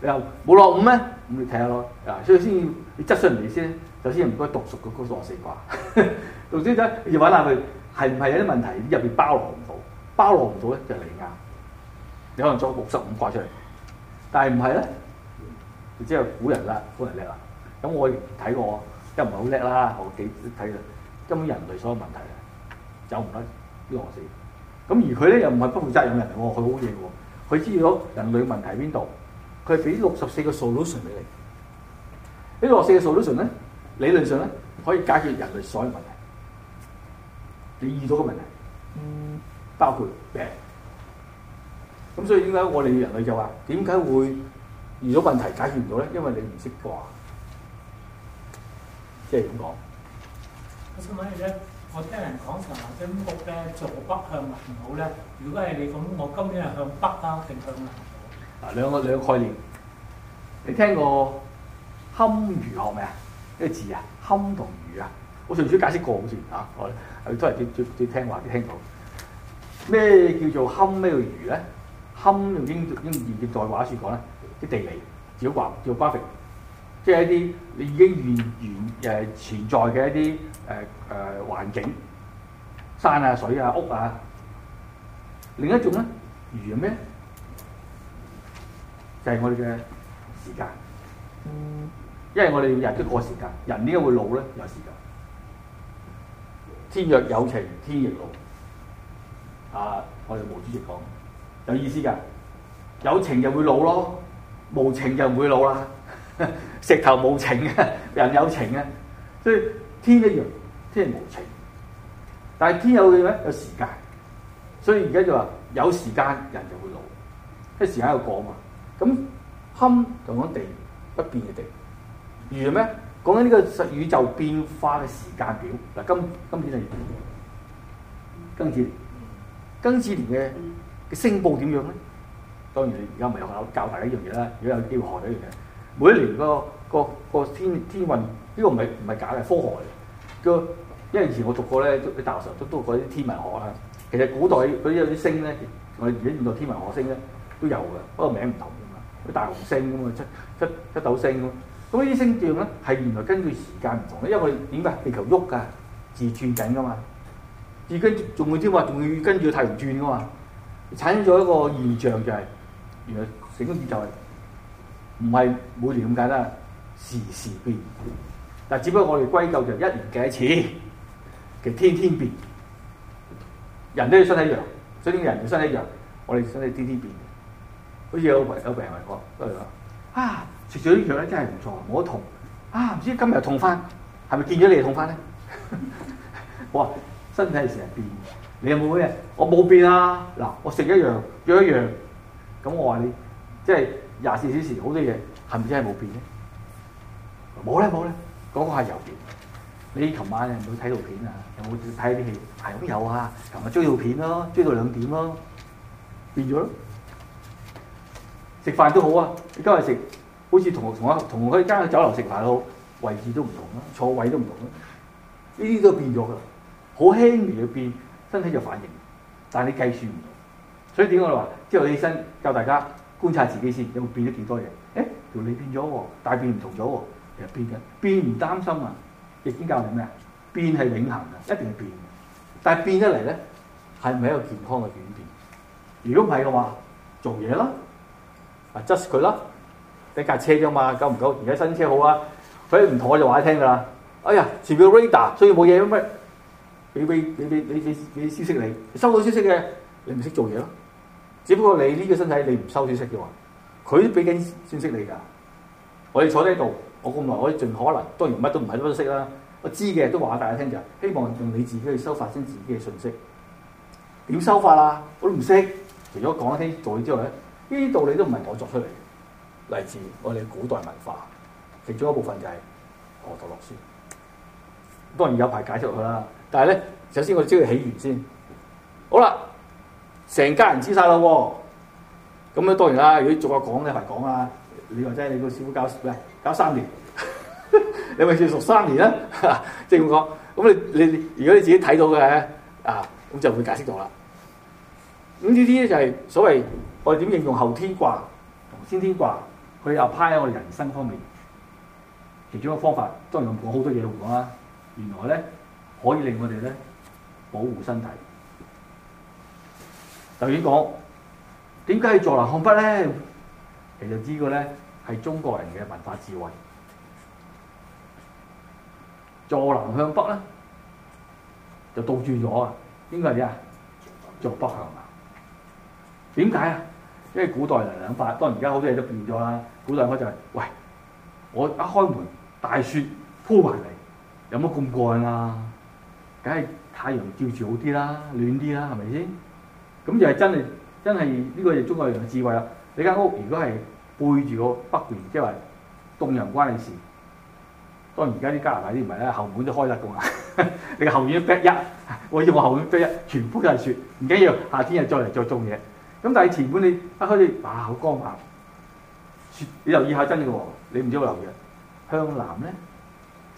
你話冇落五咩？咁你睇下咯。啊，所以先要你質出嚟先，首先唔該讀熟個個六十四卦。讀熟咗，要揾下佢，係唔係有啲問題？入邊包羅唔到，包羅唔到咧，就嚟離亞。你可能裝六十五卦出嚟，但係唔係咧？然之後古人啦，古人叻啦。咁我睇我即係唔係好叻啦，我幾識睇根本人類所有的問題啊，走唔甩呢六十四。咁而佢咧又唔係不負責任嘅人嚟喎，佢好嘢喎。佢知道人類問題喺邊度，佢俾六十四個 solution 俾你。呢六十四個 solution 咧，理論上咧可以解決人類所有的問題。你遇到嘅問題、嗯，包括病。咁所以點解我哋人類就話點解會遇到問題解決唔到咧？因為你唔識掛，即係咁講。就是我想問你咧，我聽人講陳雲生屋咧坐北向南好咧。如果係你咁，我今年係向北啊定向南？嗱，兩個兩個概念。你聽過堪輿學未啊？呢、這個字啊，堪同輿啊。我上次解釋過好算。嚇，我佢都係最最最聽話啲，聽到咩叫做堪？咩叫輿咧？堪用英英現用在話書講咧，啲地理，朝掛朝掛幅。即係一啲你已經完現誒存在嘅一啲誒誒環境、山啊、水啊、屋啊。另一種咧，如咩？就係、是、我哋嘅時間、嗯。因為我哋要人要過時間，人點解會老咧？有時間。天若有情天亦老。啊！我哋毛主席講，有意思㗎。有情就會老咯，無情就唔會老啦。石頭冇情嘅，人有情嘅，所以天一樣，天無情，但係天有嘅咩？有時間，所以而家就話有時間人就會老，即時間又過啊嘛。咁堪同講地不變嘅地，如咩？講緊呢個實宇宙變化嘅時間表嗱。今今天係庚子年，庚子年嘅嘅聲報點樣咧？當然，你而家我咪學教大家一樣嘢啦。如果有機會學呢樣嘢。每一年、個個、個天天運呢、個唔係唔係假嘅，係科學嚟嘅。因為以前我讀過咧，大學時候都都讀過啲天文學啊。其實古代嗰啲有啲星咧，我哋而家現代天文學星咧都有嘅，不過名唔同㗎嘛，啲大紅星咁啊，出七七七斗星咁。咁呢啲星象咧係原來根據時間唔同咧，因為點解地球喐㗎，自轉緊㗎嘛，自己仲會添話，仲會跟住太陽轉㗎嘛，產生咗一個現象就係、係、原來成個宇宙係。唔係每年咁解啦，
時時變。
嗱，只不過我哋歸咎就一年幾次，其實天天變。人都要身體一樣，所以啲人要身體一樣，我哋身體天天變。好似有有病人嚟講，都係講啊，食咗啲藥咧真係唔錯，冇得痛。啊，唔知今日痛翻，係咪見咗你又痛翻咧？哇，身體成日變，你有冇咩？我冇變啊！嗱，我食一樣，藥一樣，咁我話你即係。廿四小時好多嘢係咪真係冇變咧？冇咧冇咧，嗰個係有變。有有有，你琴晚有冇睇套片啊？有冇睇啲戲？係咁有啊。琴日追套片咯，追到兩點咯，變咗咯。食飯都好啊，你今日食，好似同學同阿同阿間酒樓食飯都位置都唔同啦，坐位都唔同啦。呢啲都變咗噶，好輕微嘅變，身體就反應，但係你計算唔到。所以點我哋話朝早起身教大家？觀察自己先，有冇變咗幾多嘢？誒，條脷變咗喎，大便唔同咗喎，係變嘅。變唔擔心啊？易經教你咩啊？變係永恆嘅，一定要變，變，變。但係變一嚟咧，係唔係一個健康嘅轉變？如果唔係嘅話，做嘢啦，啊，just 佢啦，一架車啫嘛，夠唔夠？而家新車好啊，佢唔同我就話你聽㗎啦。哎呀，前面 radar，所以冇嘢咩咩，俾俾俾俾俾俾消息你，你你你你你你你你收到消息嘅，你唔識做嘢咯。只不過你呢個身體你唔收知識嘅話，佢都俾緊知識你㗎。我哋坐喺度，我咁耐，我盡可能當然乜都唔係乜都識啦。我知嘅都話俾大家聽就係，希望用你自己去收發先自己嘅信息。點收法啊？我都唔識。除咗講一聽道理之外咧，呢啲道理都唔係我作出嚟嘅，嚟自我哋古代文化其中一部分就係河圖洛書。當然有排解讀佢啦，但係咧，首先我哋知佢起源先。好啦。成家人知晒咯喎。咁咧當然啦，如果做下講咧，係講啊！你話真係你個師傅搞咩？教三年，你咪要熟三年啦，即 確。咁 你你，你如果你自己睇到嘅，啊，咁就會解釋到啦。咁呢啲就係所謂我哋點應用後天卦同先天卦佢又派喺我哋人生方面其中一個方法。當然我講好多嘢都講啦，原來咧可以令我哋咧保護身體。頭先講點解係坐南向北咧？其實個呢個咧係中國人嘅文化智慧。坐南向北咧就倒轉咗啊！應該係咩啊？坐北向南。點解啊？因為古代人諗法，當然而家好多嘢都變咗啦。古代我就係、是、喂，我一開門大雪鋪埋嚟，有乜咁乾啊？梗係太陽照住好啲啦，暖啲啦，係咪先？咁就係真係，真係呢個係中國人嘅智慧啦！你間屋如果係背住個北面，即係話東洋關嘅事。當而家啲加拿大啲唔係啦，後門都開得噶嘛，你個後面都北一，我要我後面都一，全部都係雪，唔緊要，夏天又再嚟再種嘢。咁但係前半你一開始啊，好、啊、光猛，雪你留意下真嘅喎，你唔知我留意。向南咧，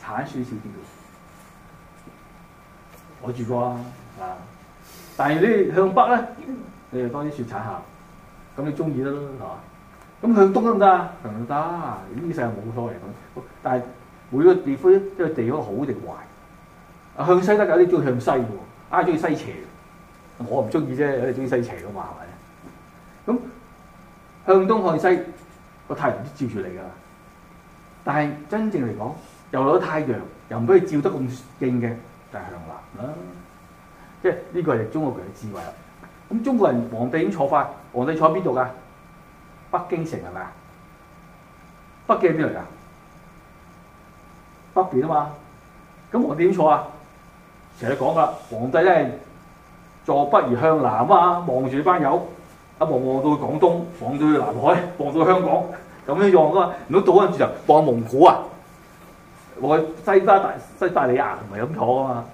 鏟雪少啲嘅。我住過啊。嗯但係你向北咧，你就當啲雪踩下，咁你中意得啦，係嘛？咁向東得唔得啊？得呢世冇所謂，但係每個地方咧，即係地方好定壞。向西得，有啲中意向西嘅，啊中意西斜。我唔中意啫，有人中意西斜嘅嘛，係咪？咁向東向西個太陽都照住你㗎。但係真正嚟講，又攞太陽，又唔可以照得咁勁嘅，就係向南啦。即係呢個係中國人嘅智慧啦。咁中國人皇帝點坐法？皇帝坐喺邊度㗎？北京城係咪啊？北京係邊度嚟㗎？北邊啊嘛。咁皇帝點坐啊？成日講噶皇帝咧坐北而向南啊嘛，望住班友，一望望到廣東，望到南海，望到香港，咁樣樣噶嘛。如果到嗰陣時就放蒙古啊，望去西伯大西伯利亞，唔係咁坐啊嘛。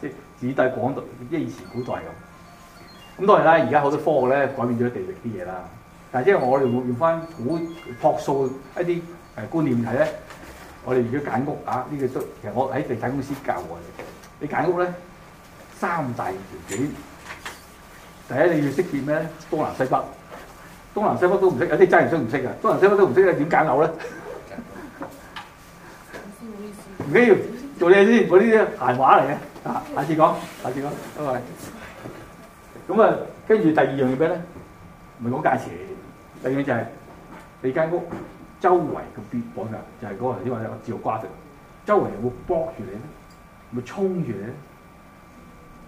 指帶廣東，即係以前古代咁。咁當然啦，而家好多科學咧改變咗地力啲嘢啦。但係因為我哋用翻古樸素一啲誒觀念睇咧，我哋如果揀屋啊，呢個都其實我喺地產公司教我哋，你揀屋咧三大條件。第一你要識辨咩？東南西北，東南西北都唔識，有啲真係真唔識噶。東南西北都唔識咧，點揀樓咧？唔緊要，做嘢先。嗰啲閒話嚟嘅。下次講，下次講，因為咁啊，跟住第二樣嘢咧，唔係講價錢，第二樣嘢就係你間屋周圍嘅邊境啊，就係嗰個意思話咧，我自由瓜食，周圍會搏住你咧，會衝住你咧，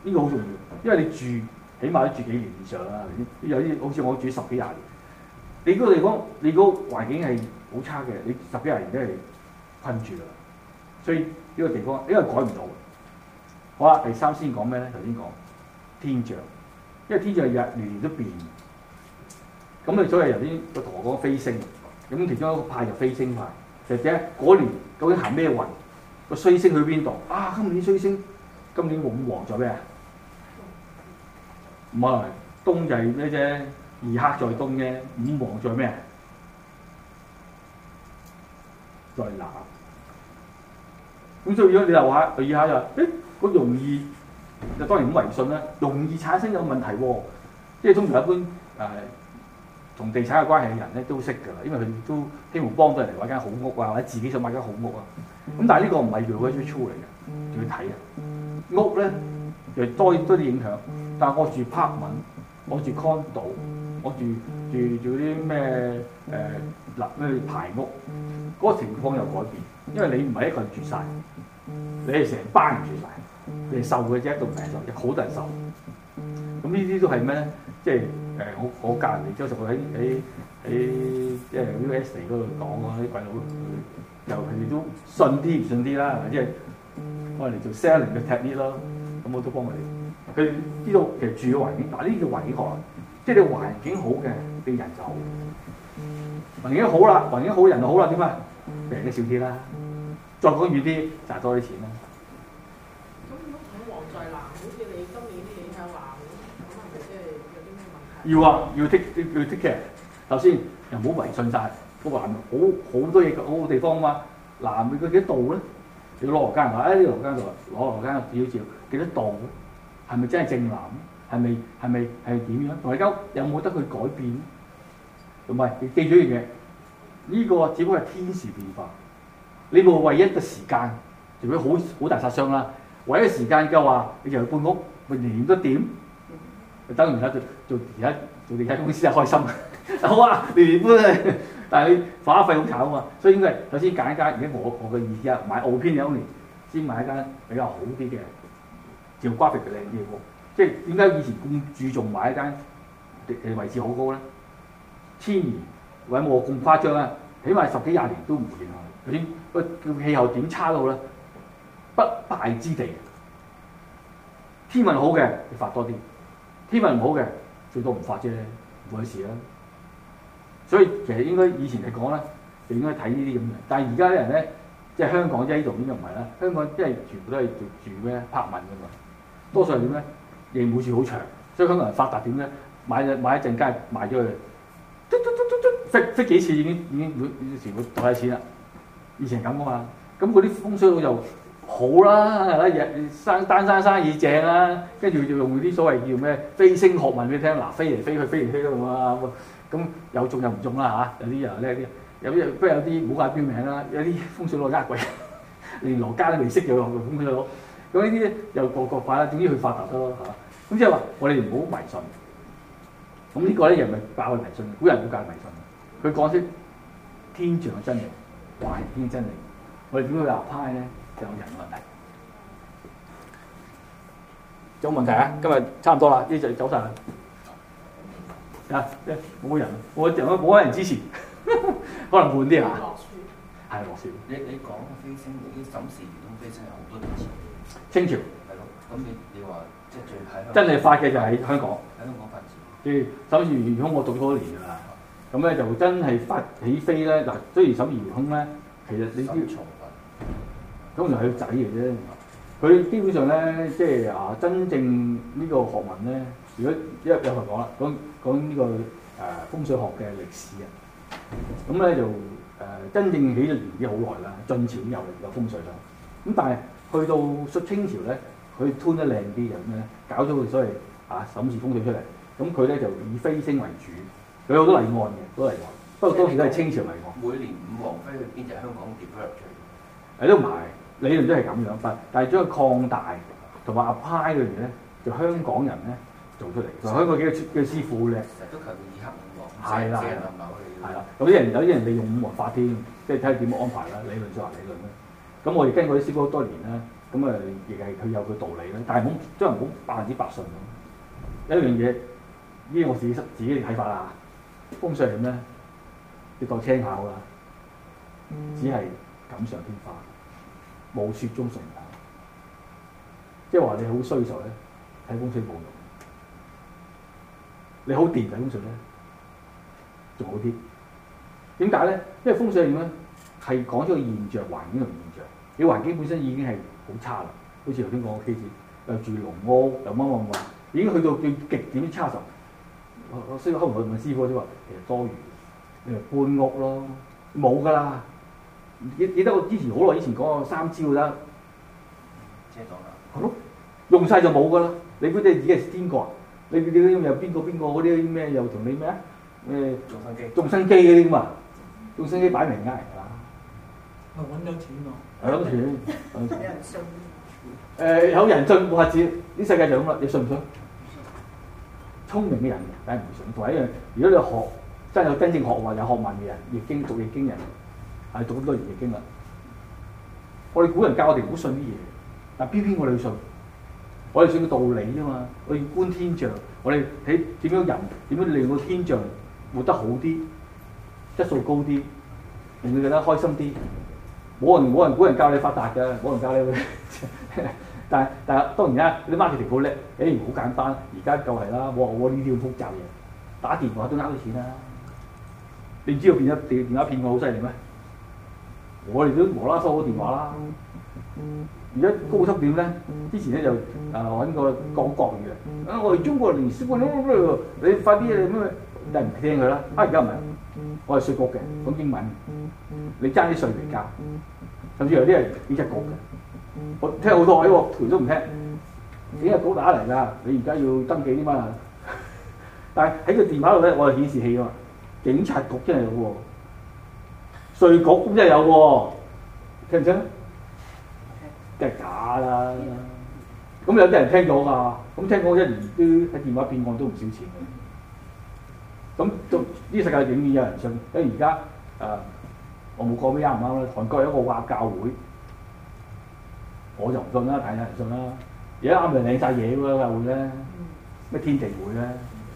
呢個好重要，因為你住起碼都住幾年以上啦，有啲好似我住十幾廿年，你嗰個地方你嗰個環境係好差嘅，你十幾廿年都係困住啦，所以呢個地方因為改唔到。好啦，第三先講咩咧？頭先講天象，因為天象日年年都變。咁你所以頭先個陀螺飛星，咁其中一個派就飛星派，就睇嗰年究竟行咩運，個衰星去邊度？啊，今年衰星，今年五黃在咩啊？唔係，東就係咩啫？二黑在東嘅五黃在咩啊？在南。咁所以如果你話，我以下就是，誒？好容易，就當然咁迷信啦。容易產生有問題喎，即係通常一般誒同、呃、地產有關係嘅人咧都識㗎啦，因為佢都希望幫到人哋買間好屋啊，或者自己想買一間好屋啊。咁但係呢個唔係 really true 嚟嘅，仲要睇啊。屋咧就多多啲影響，但係我住 partment，我住 condo，我住住住啲咩誒嗱咩排屋，嗰、嗰個情況又改變，因為你唔係一個人住晒，你係成班人住晒。佢哋瘦嘅啫，一個病瘦，有好多人瘦。咁呢啲都係咩咧？即係誒，我我隔日之早就喺喺喺即係 U.S.A. 嗰度講啊，啲鬼佬又佢哋都信啲唔信啲啦，即係可能嚟做 selling 嘅 t 踢啲咯。咁我都幫佢哋。佢知道其實住嘅環境，嗱呢叫環境學，即係你環境好嘅，啲人就好。環境好啦，環境好，人好，人就好啦，點啊？病都少啲啦。再講遠啲，賺多啲錢啦。You take, you take 要啊，要剔要剔嘅。頭先又唔好迷信曬，個南好好多嘢嘅好好地方嘛。南面佢幾多度咧？你攞羅家台，誒、哎、呢度羅家台，攞羅家照照幾多度咧？係咪真係正南咧？係咪係咪係點樣？同埋而家有冇得去改變？同埋你記住一樣嘢，呢、這個只不過係天時變化。你冇唯一嘅時間，除非好好大殺傷啦。唯一嘅時間嘅話，你就去搬屋，會連都點？當然啦，做做其他，做地產公司就開心，好啊年年搬啊！但係花費好慘啊，嘛。所以應該係首先揀一間。而家我我嘅意思係買澳片兩年，先買一間比較好啲嘅，條瓜皮就靚啲喎。即係點解以前咁注重買一間誒位置好高咧？天然或者我咁誇張啊，起碼十幾廿年都唔會變啊！嗰先，個叫氣候點差都好咧？不敗之地，天文好嘅你發多啲。天份唔好嘅，最多唔發啫，唔關事啦。所以其實應該以前嚟講咧，就應該睇呢啲咁嘅。但係而家啲人咧，即係香港即係呢度已經唔係啦。香港即係全部都係住咩？拍文嘅嘛，多數係點咧？亦冇住好長，所以可能發達點咧，買一陣買一陣間賣咗佢，嘟嘟嘟嘟嘟飛飛幾次已經已經會全部袋曬錢啦。以前咁噶嘛，咁嗰啲風水又～好啦，日生單生生意正啦、啊，跟住要用啲所謂叫咩飛星學問畀你聽，嗱飛嚟飛去飛嚟飛去咁啊，咁又中又唔中啦嚇，有啲又叻啲，有啲不有啲唔好掛標名啦，有啲風水佬呃鬼，連羅家都未識就咁樣攞，咁呢啲又各各快啦，點知佢發達咯嚇，咁即係話我哋唔好迷信，咁、這、呢個咧又唔係教佢迷信，古人冇教佢迷信，佢講出天象嘅真理，怪人真理，我哋點會話派咧？有人嘅問題，有冇問題啊？今日差唔多啦，啲就走晒啦。啊，冇人，我冇人支持，可能悶啲啊。係羅少，你你講飛星，你，說行你審時移空飛星有好多支持清朝。係咯，咁你你話即
係最真係發嘅就喺香港。喺香，香港
發展。跟、就、住、是、審時御空，我讀咗多年㗎嘛。咁、嗯、咧就真係發起飛咧。嗱，雖然審時御空咧，其實你要財。咁就係個仔嘅啫，佢基本上咧，即係啊，真正呢個學問咧，如果一有學講啦，講講呢、呢個誒、呃、風水學嘅歷史啊，咁咧就誒、呃、真正起嘅年代好耐啦，晉朝又嚟有有風水啦。咁但係去到清朝咧，佢吞得靚啲人咁咧，搞咗佢所謂啊沈氏風水出嚟，咁佢咧就以飛星為主，佢好多例案嘅，好例案，不過當時都係清朝例案。每年五黃飛去邊，香港點樣入去？係都唔係。理論都係咁樣，但係將佢擴大同埋 apply 嘅嘢咧，就香港人咧做出嚟，就香港幾個師傅叻，都求嘅二黑五黃，係啦，係啦，係啲人有啲人利用五黃法添，即係睇下點安排啦。理論先話理論啦。咁我亦經過啲師傅好多年啦，咁啊亦係佢有佢道理啦。但係唔好將唔好百分之百信咯。有一樣嘢，依我是自己嘅睇法啦。風水咧，你當聽下好啦，只係錦上添花。嗯冇雪中送炭，即係話你好衰時候呢，睇風水冇用。你好掂睇風水呢，仲好啲。點解呢？因為風水呢係講咗個現象，環境同現象。你環境本身已經係好差啦，好似頭先講嘅 case，又住龍屋，又乜乜乜，已經去到最極點的差十。我我需要後台問師傅先話，誒其實多餘，你半搬屋囉，冇㗎啦。記記得我之前好耐以前講過三招得，借咗啦。係咯，用晒就冇噶啦。你估啲自己係邊個，你你啲又邊個邊個嗰啲咩又同你咩啊？咩、呃？重生機重生機嗰啲嘛，重生機擺明呃人嘛？係、嗯、
揾到錢喎，揾
錢 是的、 呃。有人信誒，有人信話事，呢世界就咁啦，你信唔信，唔信？聰明嘅人但係唔信，同一樣，如果你學真係有真正學話有學問嘅人，易經讀易經人。係讀咗好多嘅經歷，我哋古人教我哋唔好信啲嘢，但偏偏我哋要信。我哋信個道理啫嘛，我哋觀天象，我哋睇點樣人點樣令個天象活得好啲，質素高啲，令佢覺得開心啲。冇人冇人古人教你發達㗎，冇人教你。呵呵，但係但係當然啦，你 master 好叻，誒、欸、好簡單，而家夠係啦，我我呢啲咁複雜嘢，打電話都呃到錢啦、啊。你唔知道變變變騙咗電電話騙我好犀利咩？我哋都無啦啦收到電話啦，而家高級點咧？之前咧就啊揾個講國語嘅，啊我哋中國連識嗰啲，你快啲咩都係唔聽佢啦。啊而家唔係，我係稅局嘅，講英文，你爭啲稅嚟交，甚至有啲係警察局嘅，我聽好多喎，台都唔聽。警察局打嚟啦，你而家要登記嘛？但係喺個電話度咧，我係顯示器啊，警察局真係有喎。稅局咁真係有喎、啊，聽唔聽？即真係假嘅啦。咁有啲人聽咗㗎，咁聽講一年都喺電話騙案都唔少錢嘅。咁仲呢世界永遠有人信，因為而家啊，我冇講咩啱唔啱啦。韓國有一個畫教會，我就唔信啦，但係有人信啦。而家啱咪領晒嘢嘅喎教會咧，咩天地會咧？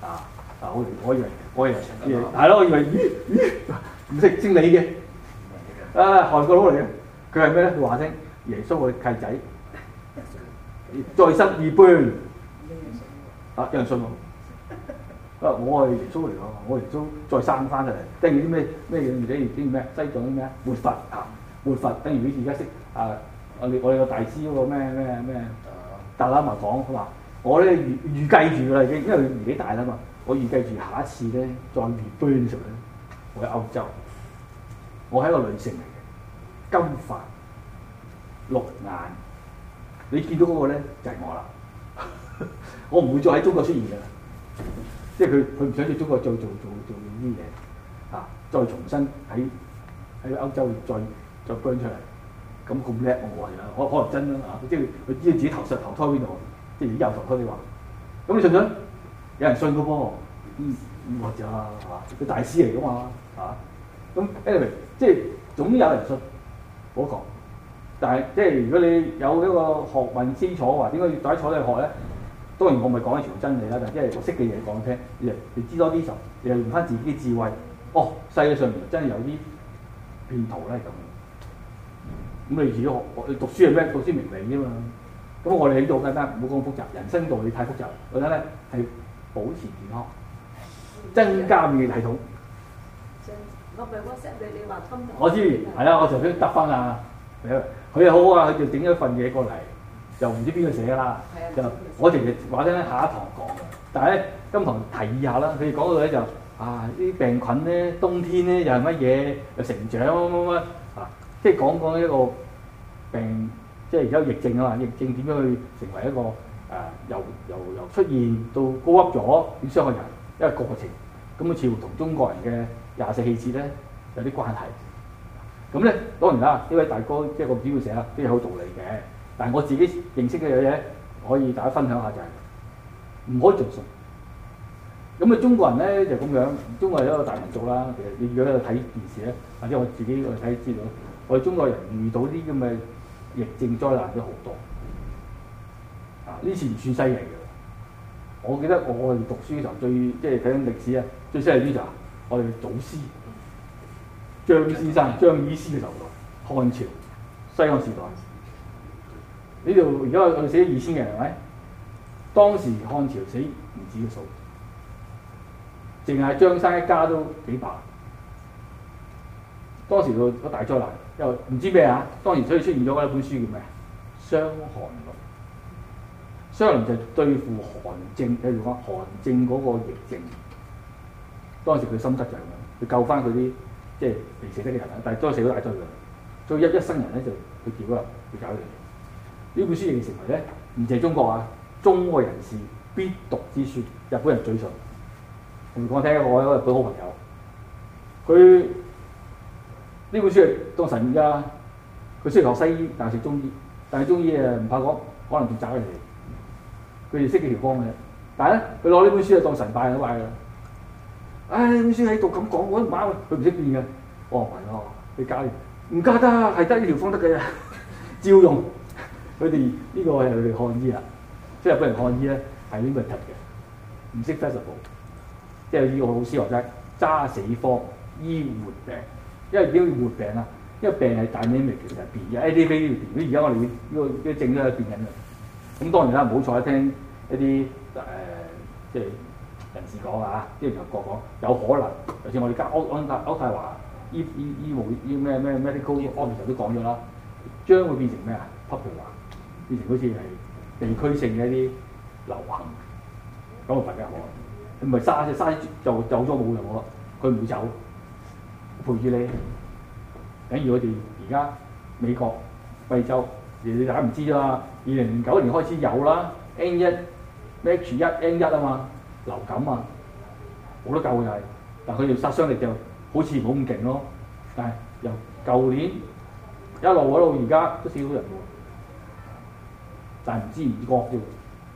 啊啊！我我以為我以為係咯，我以為咦咦唔識清理嘅。啊，韓國佬嚟嘅，佢係咩咧？佢話聲耶穌嘅契仔，再生二般啊，楊信喎，啊，我係耶穌嚟嘅、 啊，我耶穌，我耶穌再生翻出嚟。」跟住啲咩咩嘢嚟咧？啲咩西藏啲咩活佛啊，活佛，等於你而家識啊，我我我哋個大師嗰個咩咩咩，大喇嘛講話，我咧預預計住啦已經，因為佢年紀大啦嘛，我預計住下一次咧再二輩嘅時候咧，我喺歐洲。我係一個女性嚟嘅，金髮綠眼，你見到嗰個咧就係我啦， 我唔會再喺中國出現嘅，即係佢佢唔想喺中國再做做做呢啲嘢，嚇、啊，再重新喺喺歐洲再再 bring 出嚟，咁咁叻我話嘅，可可能真啦嚇、啊，即係佢知道自己投實投胎邊度，即係有投胎你話，咁你信唔信？有人信嘅噃，嗯，或者，嚇、啊，佢大師嚟嘅嘛嚇。啊啊咁、anyway, 即係總有人信，我講，但係即係如果你有一個學問清楚，話點解要坐喺坐底學咧？當然我唔係講啲全部真理啦，但係因為我識嘅嘢講聽，你知多啲就，你又用翻自己嘅智慧。哦，世界上面真係有啲騙徒咧，咁。咁你如果學，你讀書係咩？讀書明明啫嘛。咁我哋喺度簡單，唔好講咁複雜。人生道理太複雜，我覺得咧係保持健康，增加免疫系統。我知係啦、啊，我就先得翻啊，佢佢好啊，佢就整咗份嘢過嚟，就唔知邊個寫㗎啦、啊。就我哋話聽咧，下一堂講，但係咧今堂提議一下啦。佢哋講到咧就係、啊，呢啲病菌咧冬天咧又係乜嘢又成長乜乜乜啊，即係講講一個病，即係而家疫症啊嘛，疫症點樣去成為一個誒由由由出現到高級咗，要傷害人一個過程，咁佢似乎同中國人嘅。廿四氣節咧有啲關係，咁咧當然啦，呢位大哥即係個主觀成啊，都有好道理嘅。但係我自己認識嘅嘢，可以大家分享一下就
係、是、
唔可以盡信。咁啊，中國人咧就咁、是、樣，中國人係一個大民族啦。其實你如果喺度睇電視咧，或者我自己去睇資料，我哋中國人遇到啲咁嘅疫症災難都好多。啊，呢次唔算犀利嘅。我記得我哋讀書嘅時候最即係睇緊歷史啊、就是，最犀利呢就我哋祖師張先生、張醫師嘅時候，漢朝、西漢時代，呢度而家我寫二千嘅，人，係咪？當時漢朝死唔止嘅數，淨係張生一家都幾百。當時個個大災難，又唔知咩啊？當時所以出現咗嗰一本書叫咩？傷寒論。傷寒論就係對付寒症，譬如講寒症嗰個疫症。當時佢心急就係咁，佢救翻佢啲即係未死得啲人，但係再死咗大堆人，所以一一生人咧就去劫啊，去搞嚟。呢本書亦成為咧唔淨係中國啊，中國人士必讀之書，日本人最信。同我聽一我有個日本好朋友，佢呢本書係當神醫噶。佢雖然學西醫，但係食中醫，但係中醫誒唔怕講，可能仲渣啲嚟。佢就識幾條方嘅，但係咧佢攞呢本書啊當神拜拜唉、哎，咁先喺度咁講，我都唔啱佢唔識變嘅，我唔係喎。你加唔加得？係得呢條方得嘅照用。佢哋、這個、呢個係佢哋漢醫啊，即係日本人漢醫咧係 limit 嘅，唔識得 flexible 即係呢個老師話齋，揸死科醫活病，因為點活病啊？因為病係 dynamic 嚟嘅，變嘅。A 啲非變，如果而家我哋呢、這個嘅、這個、症咧變緊啦。咁當然啦，唔好坐喺聽一啲誒，即、呃、係。就是人事講啊，即係由國講有可能，就算我哋家歐歐泰歐泰華 e 醫醫務醫咩咩 medical 方面就都講咗啦，將會變成咩啊？popular 變成好似係地區性嘅一啲流行咁嘅大家好，唔係嘥嘅嘥就，就，就，就走咗冇用咯。佢唔會走陪住你，等於我哋而家美國費州你你大家唔知嘛，二零零九年開始有啦，N 一咩 H 一 N 一啊嘛。N1, M1, M1, 流感啊，好多救就係，但佢哋殺傷力就好似冇咁勁咯。但由舊年一路到而家都死好多人，但唔知唔覺啫。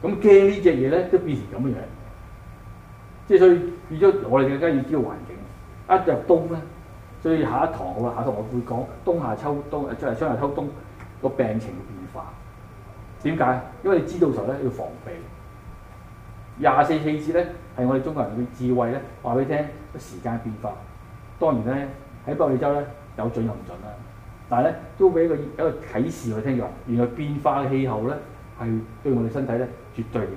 咁驚呢隻嘢咧，都變成咁嘅樣。即係所以，變咗我哋更加要知道環境。一入冬咧，所以下一堂好啦，下一堂我會講冬夏秋冬，即係春夏秋冬個病情嘅變化。點解？因為你知道時候咧，要防備。廿四氣節咧，係我哋中國人嘅智慧咧。話俾你聽，時間變化，當然咧喺北美洲咧有準又唔準啦。但係咧都俾一個一個啟示我聽，用。原來變化嘅氣候咧係對我哋身體咧絕對影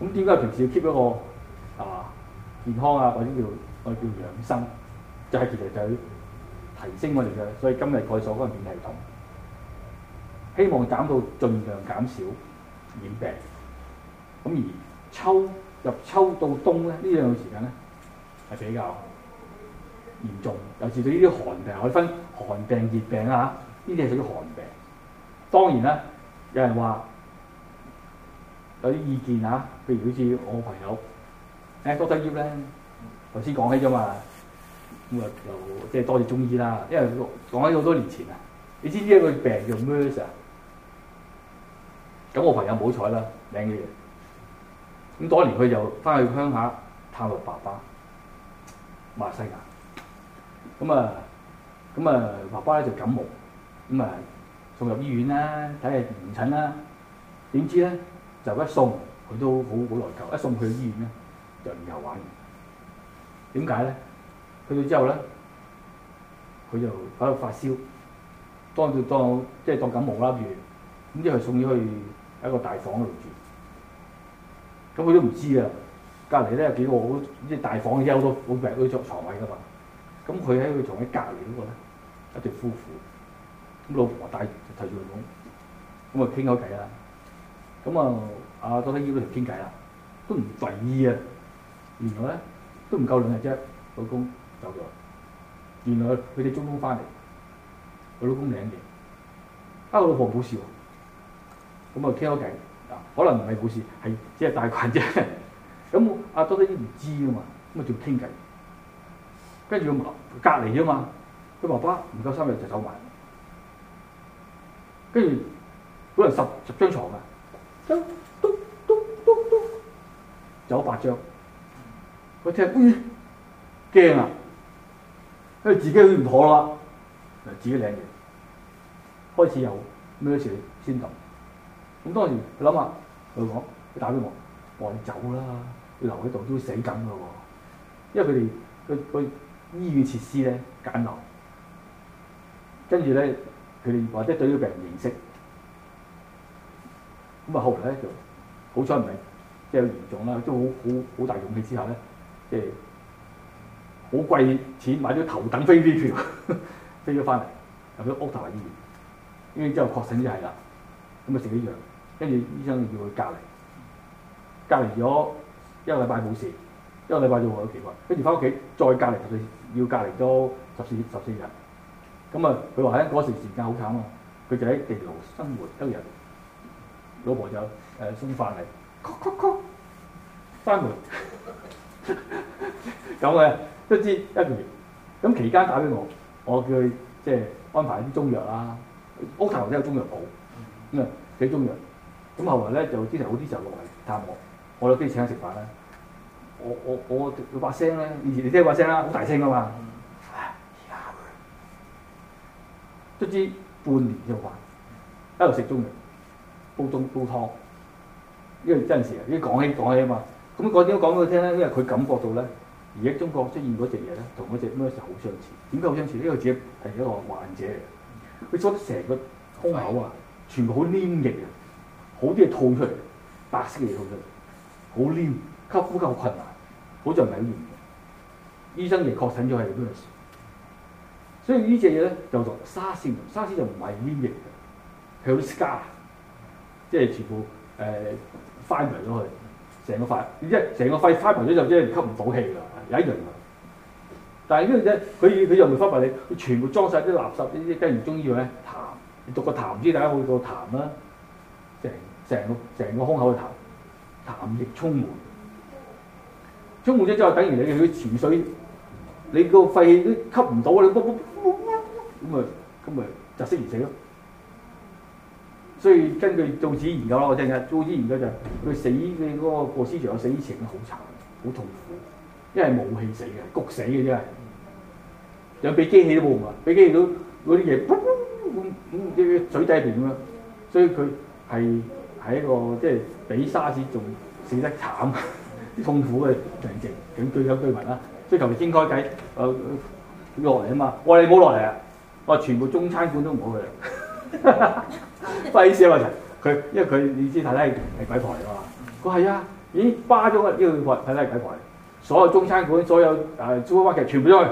響。咁點解平時要 keep 一個係健康啊？或者叫我哋叫養生，就係其實就要提升我哋嘅。所以今日改所嗰個免疫系統，希望減到盡量減少染病。咁而秋入秋到冬咧，呢兩個時間咧係比較嚴重。尤其對呢啲寒病，我分寒病、熱病啊，呢啲係屬於寒病。當然啦、啊，有人話有啲意見啊，譬如好似我朋友，哎、呢多得熱咧，頭先講起啫嘛。咁啊，即係多謝中醫啦，因為講起好多年前啊，你知唔知一個病叫 MERS 啊？咁我朋友唔好彩啦，嘅劣。咁多年佢又翻去鄉下探佢爸爸馬西亞，咁啊，咁啊，爸爸咧就感冒，咁啊，送入醫院啦，睇下驗診啦，點知咧就一送佢都好好內疚，一送去醫院咧就唔夠玩，點解咧？去咗之後咧，佢就喺度發燒，當當即係、即係、當感冒啦，住，咁之後送咗去一個大房度住。咁佢都唔知啊！隔離咧有幾個好即係大房，有好多好病都坐床位噶嘛。咁佢喺佢床喺隔離嗰個咧，一對夫婦，咁老婆帶提住佢老公，咁啊傾開偈啦。咁啊，阿多 doctor 都傾偈啦，都唔二啊！原來咧都唔夠兩日啫，老公走咗。原來佢哋中東翻嚟，佢老公領嘅，啊，佢老婆冇事笑。咁啊傾開偈。可能唔係故事，係只係大菌啫。咁、啊、阿多得依唔知啊嘛，咁啊仲傾偈。跟住佢隔隔離啊嘛，佢爸爸唔夠三日就走埋。跟住本嚟十十張床啊，
嘟嘟嘟嘟
嘟，走八張。
佢聽，
咦、哎？驚啊！因為自己都唔妥啦，自己領嘢、啊，開始有咩事先動。咁當時佢諗下。佢講：佢打俾我，我你走啦！佢留喺度都死梗嘅喎，因為佢哋個個醫院設施咧簡陋，跟住咧佢哋或者對啲病人唔認識。咁啊，後來咧就好彩唔係，即係嚴重啦，都好好好大勇氣之下咧，即係好貴錢買咗頭等飛機票， 飛咗翻嚟，入咗渥太華醫院，因住之後確診就係啦，咁啊食咗藥。跟住醫生叫佢隔離，隔離咗一個禮拜冇事，一個禮拜就好奇怪。跟住翻屋企再隔離，佢要隔離多十四十四日。咁、嗯、啊，佢話喺嗰時時間好慘啊，佢就喺地牢生活一日，老婆就誒、呃、送飯嚟，哐哐哐，閂門，咁 啊，一知一個月。咁、嗯、期間打俾我，我叫佢即係安排啲中藥啦，屋頭都有中藥鋪，咁啊俾中藥。咁後來咧就之前好啲就落嚟探我，我都幾請佢食飯啦。我我我佢把聲咧，你你聽把聲啦，好大聲啊嘛、嗯。都知半年冇飯，一度食中藥煲中煲湯是真是是、那個。因為嗰陣時啊，已經講起講起啊嘛。咁講點講俾佢聽咧？因為佢感覺到咧，而家中國出現嗰隻嘢咧，同嗰隻咩嘢好相似。點解好相似？因為自己係一個患者嘅，佢左成個胸口啊，全部好黏型啊。好啲嘢吐出嚟，白色嘅嘢吐出嚟，好黏，吸呼吸困難，好似唔係好嚴重。醫生亦確診咗係咩事？所以呢隻嘢咧就做沙士，沙士就唔係黏液嘅，係有 scar，即係全部誒、呃、翻埋咗去，成個肺，即係成個肺翻埋咗就即係吸唔到氣啦，有一樣嘅。但係呢樣嘢佢佢又唔會翻埋，你，佢全部裝晒啲垃圾，呢啲跟住中醫呢，痰，你讀個痰，唔知大家去個痰啦，正。成個成個胸口去痰，痰液充滿，充滿咗之後，等於你嘅啲潛水，你個肺都吸唔到啊！咁啊，咁咪，窒息而死咯。所以根據做紙研究啦，我最近做紙研究就係、是、佢死嘅嗰個個屍場，死之前好慘，好痛苦，因為冇氣死嘅，焗死嘅真係。有俾機器都冇用啊，俾機器都嗰啲嘢，咁咁啲水底嚟咁樣，所以佢係。係一個即係比沙士仲死得慘、痛苦嘅病情，咁居有居民啦，所以求其傾開計，誒落嚟啊嘛，我哋冇落嚟啊，我全部中餐館都唔好去嘅，費事啊嘛！佢因為佢你知太太係鬼牌啊嘛，佢係啊，咦花咗嘅呢個牌太太係鬼牌，所有中餐館、所有誒珠、呃、全部都去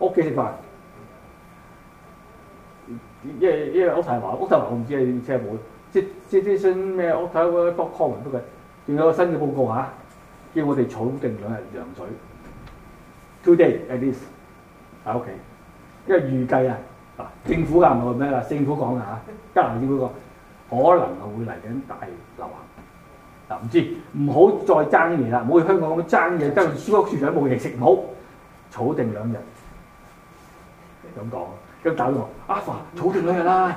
屋企食飯，因為因為渥太華渥太華我唔知道車冇。即即啲算咩屋睇會多確診都嘅，仲有個新嘅報告嚇、啊，叫我哋儲定兩日羊水，two days at least 喺屋企，因為預計啊，嗱政府啊唔係咩啦，政府講噶嚇，加拿大政府講可能啊會嚟緊大流行，嗱、啊、唔知，唔好再爭嘢啦，唔好去香港咁爭嘢，爭樹屋樹上冇嘢食唔好，儲定兩日，咁講，咁搞到話，阿華儲定兩日啦。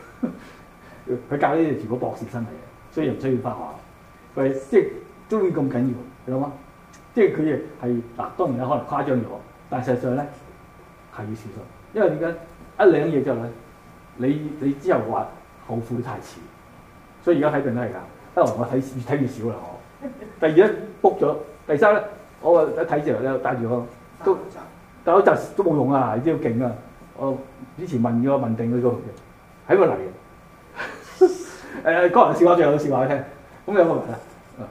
佢教呢啲全部博士生嚟嘅，所以又唔需要翻學、嗯。佢即係都唔咁緊要，你諗啊？即係佢係，嗱當然有可能誇張咗，但係實際上咧係要小心。因為點解一兩嘢之後咧，你你之後話後悔太遲，所以而家睇病都係㗎。不過我睇越睇越少啦，我了了第二咧 book 咗，第三咧，我啊一睇之後咧戴住個都戴咗陣都冇用啊，你知好勁啊。我之前問咗問定佢嘅。喺度嚟，誒、 呃，講人笑話，最好，笑話你聽，咁有個人啦，啊，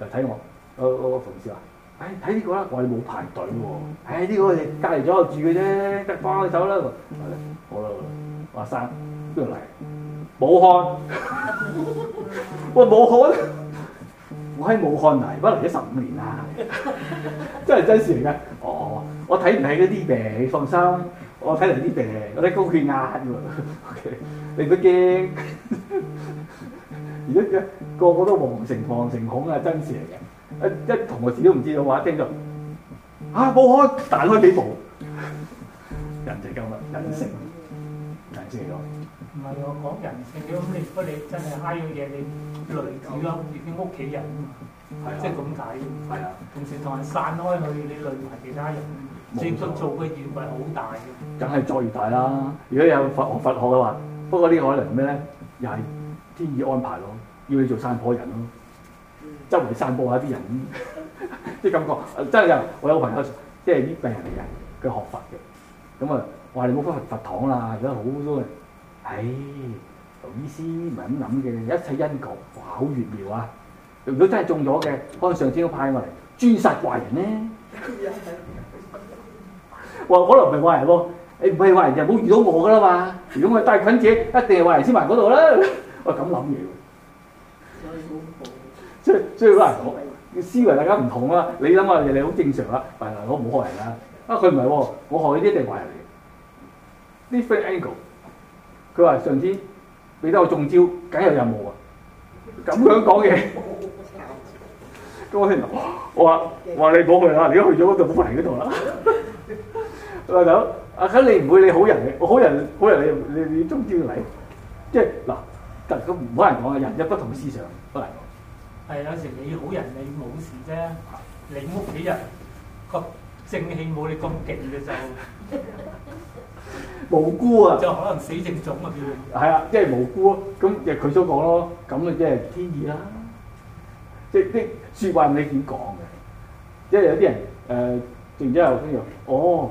嚟睇我，我我同事話，唉，睇呢個啦，我哋冇、哎、排隊喎、啊，誒、哎，呢、呢個我哋隔離咗度住嘅啫，得放開手啦，好啦，話生邊度嚟？武漢，
喂，
武漢真真、哦，我喺武漢嚟，屈嚟咗十五年啦，真係真事嚟嘅，我我睇唔起嗰啲病，你放心。我睇嚟啲病，我睇高血壓喎，OK，令佢驚。而家而家個個都黃成黃成恐嘅，真事嚟嘅，一一同學自己都唔知道，話聽到，啊，冇開，彈開幾步，人就係咁啦，人性。唔係我講人性嘅，咁 你如果你真係嗨咗嘢，你累住咯，啲屋企人，係啊，即係咁解。係啊，同時同人
散開去，你累埋其他人。
正出做嘅業係好大嘅，梗、嗯、係作越大啦。如果有佛學、嗯、佛學嘅話，不過呢個可能咩咧，又係天意安排咯，要你做散播人咯、嗯，周圍散播一下啲人，啲 感覺真係有。我有朋友即係啲病人嚟嘅，佢學佛嘅，咁啊，我話你冇返佛堂啦，而家好多，人，唉，導師唔係咁諗嘅，一切因果，好微妙啊。如果真係中咗嘅，可能上天都派我嚟專殺壞人咧。 話可能唔係壞人喎，誒唔係壞人就冇遇到我噶啦嘛。如果我係帶菌者，一定係壞人先埋嗰度啦。我咁諗嘢，即係即係嗰人，思維大家唔同啦。你諗下，人哋好正常啊，嚟嚟我唔好害人啊。啊佢唔係喎，我害你一定係壞人嚟嘅。different angle，佢話上次俾得我中招，梗有任務啊。
咁樣講嘢，
咁 我聽，我話話你唔好去啦，你去咗就冇埋喺嗰度啦。 老、啊、豆，阿咁你唔會理、啊、人人理不不你好人嘅，好人好人你你你終究嚟，即係嗱，特咁唔可能講啊！人有不同嘅思想，嗱，
係有時你好人你冇事啫，你屋企人個正氣冇你咁勁
嘅就無辜啊！就可能死剩種啊！叫你係啊，即係無辜，咁就佢所講咯，咁你即係天意啦，即係啲説話你點講嘅？即係有啲人誒，然之後跟住哦。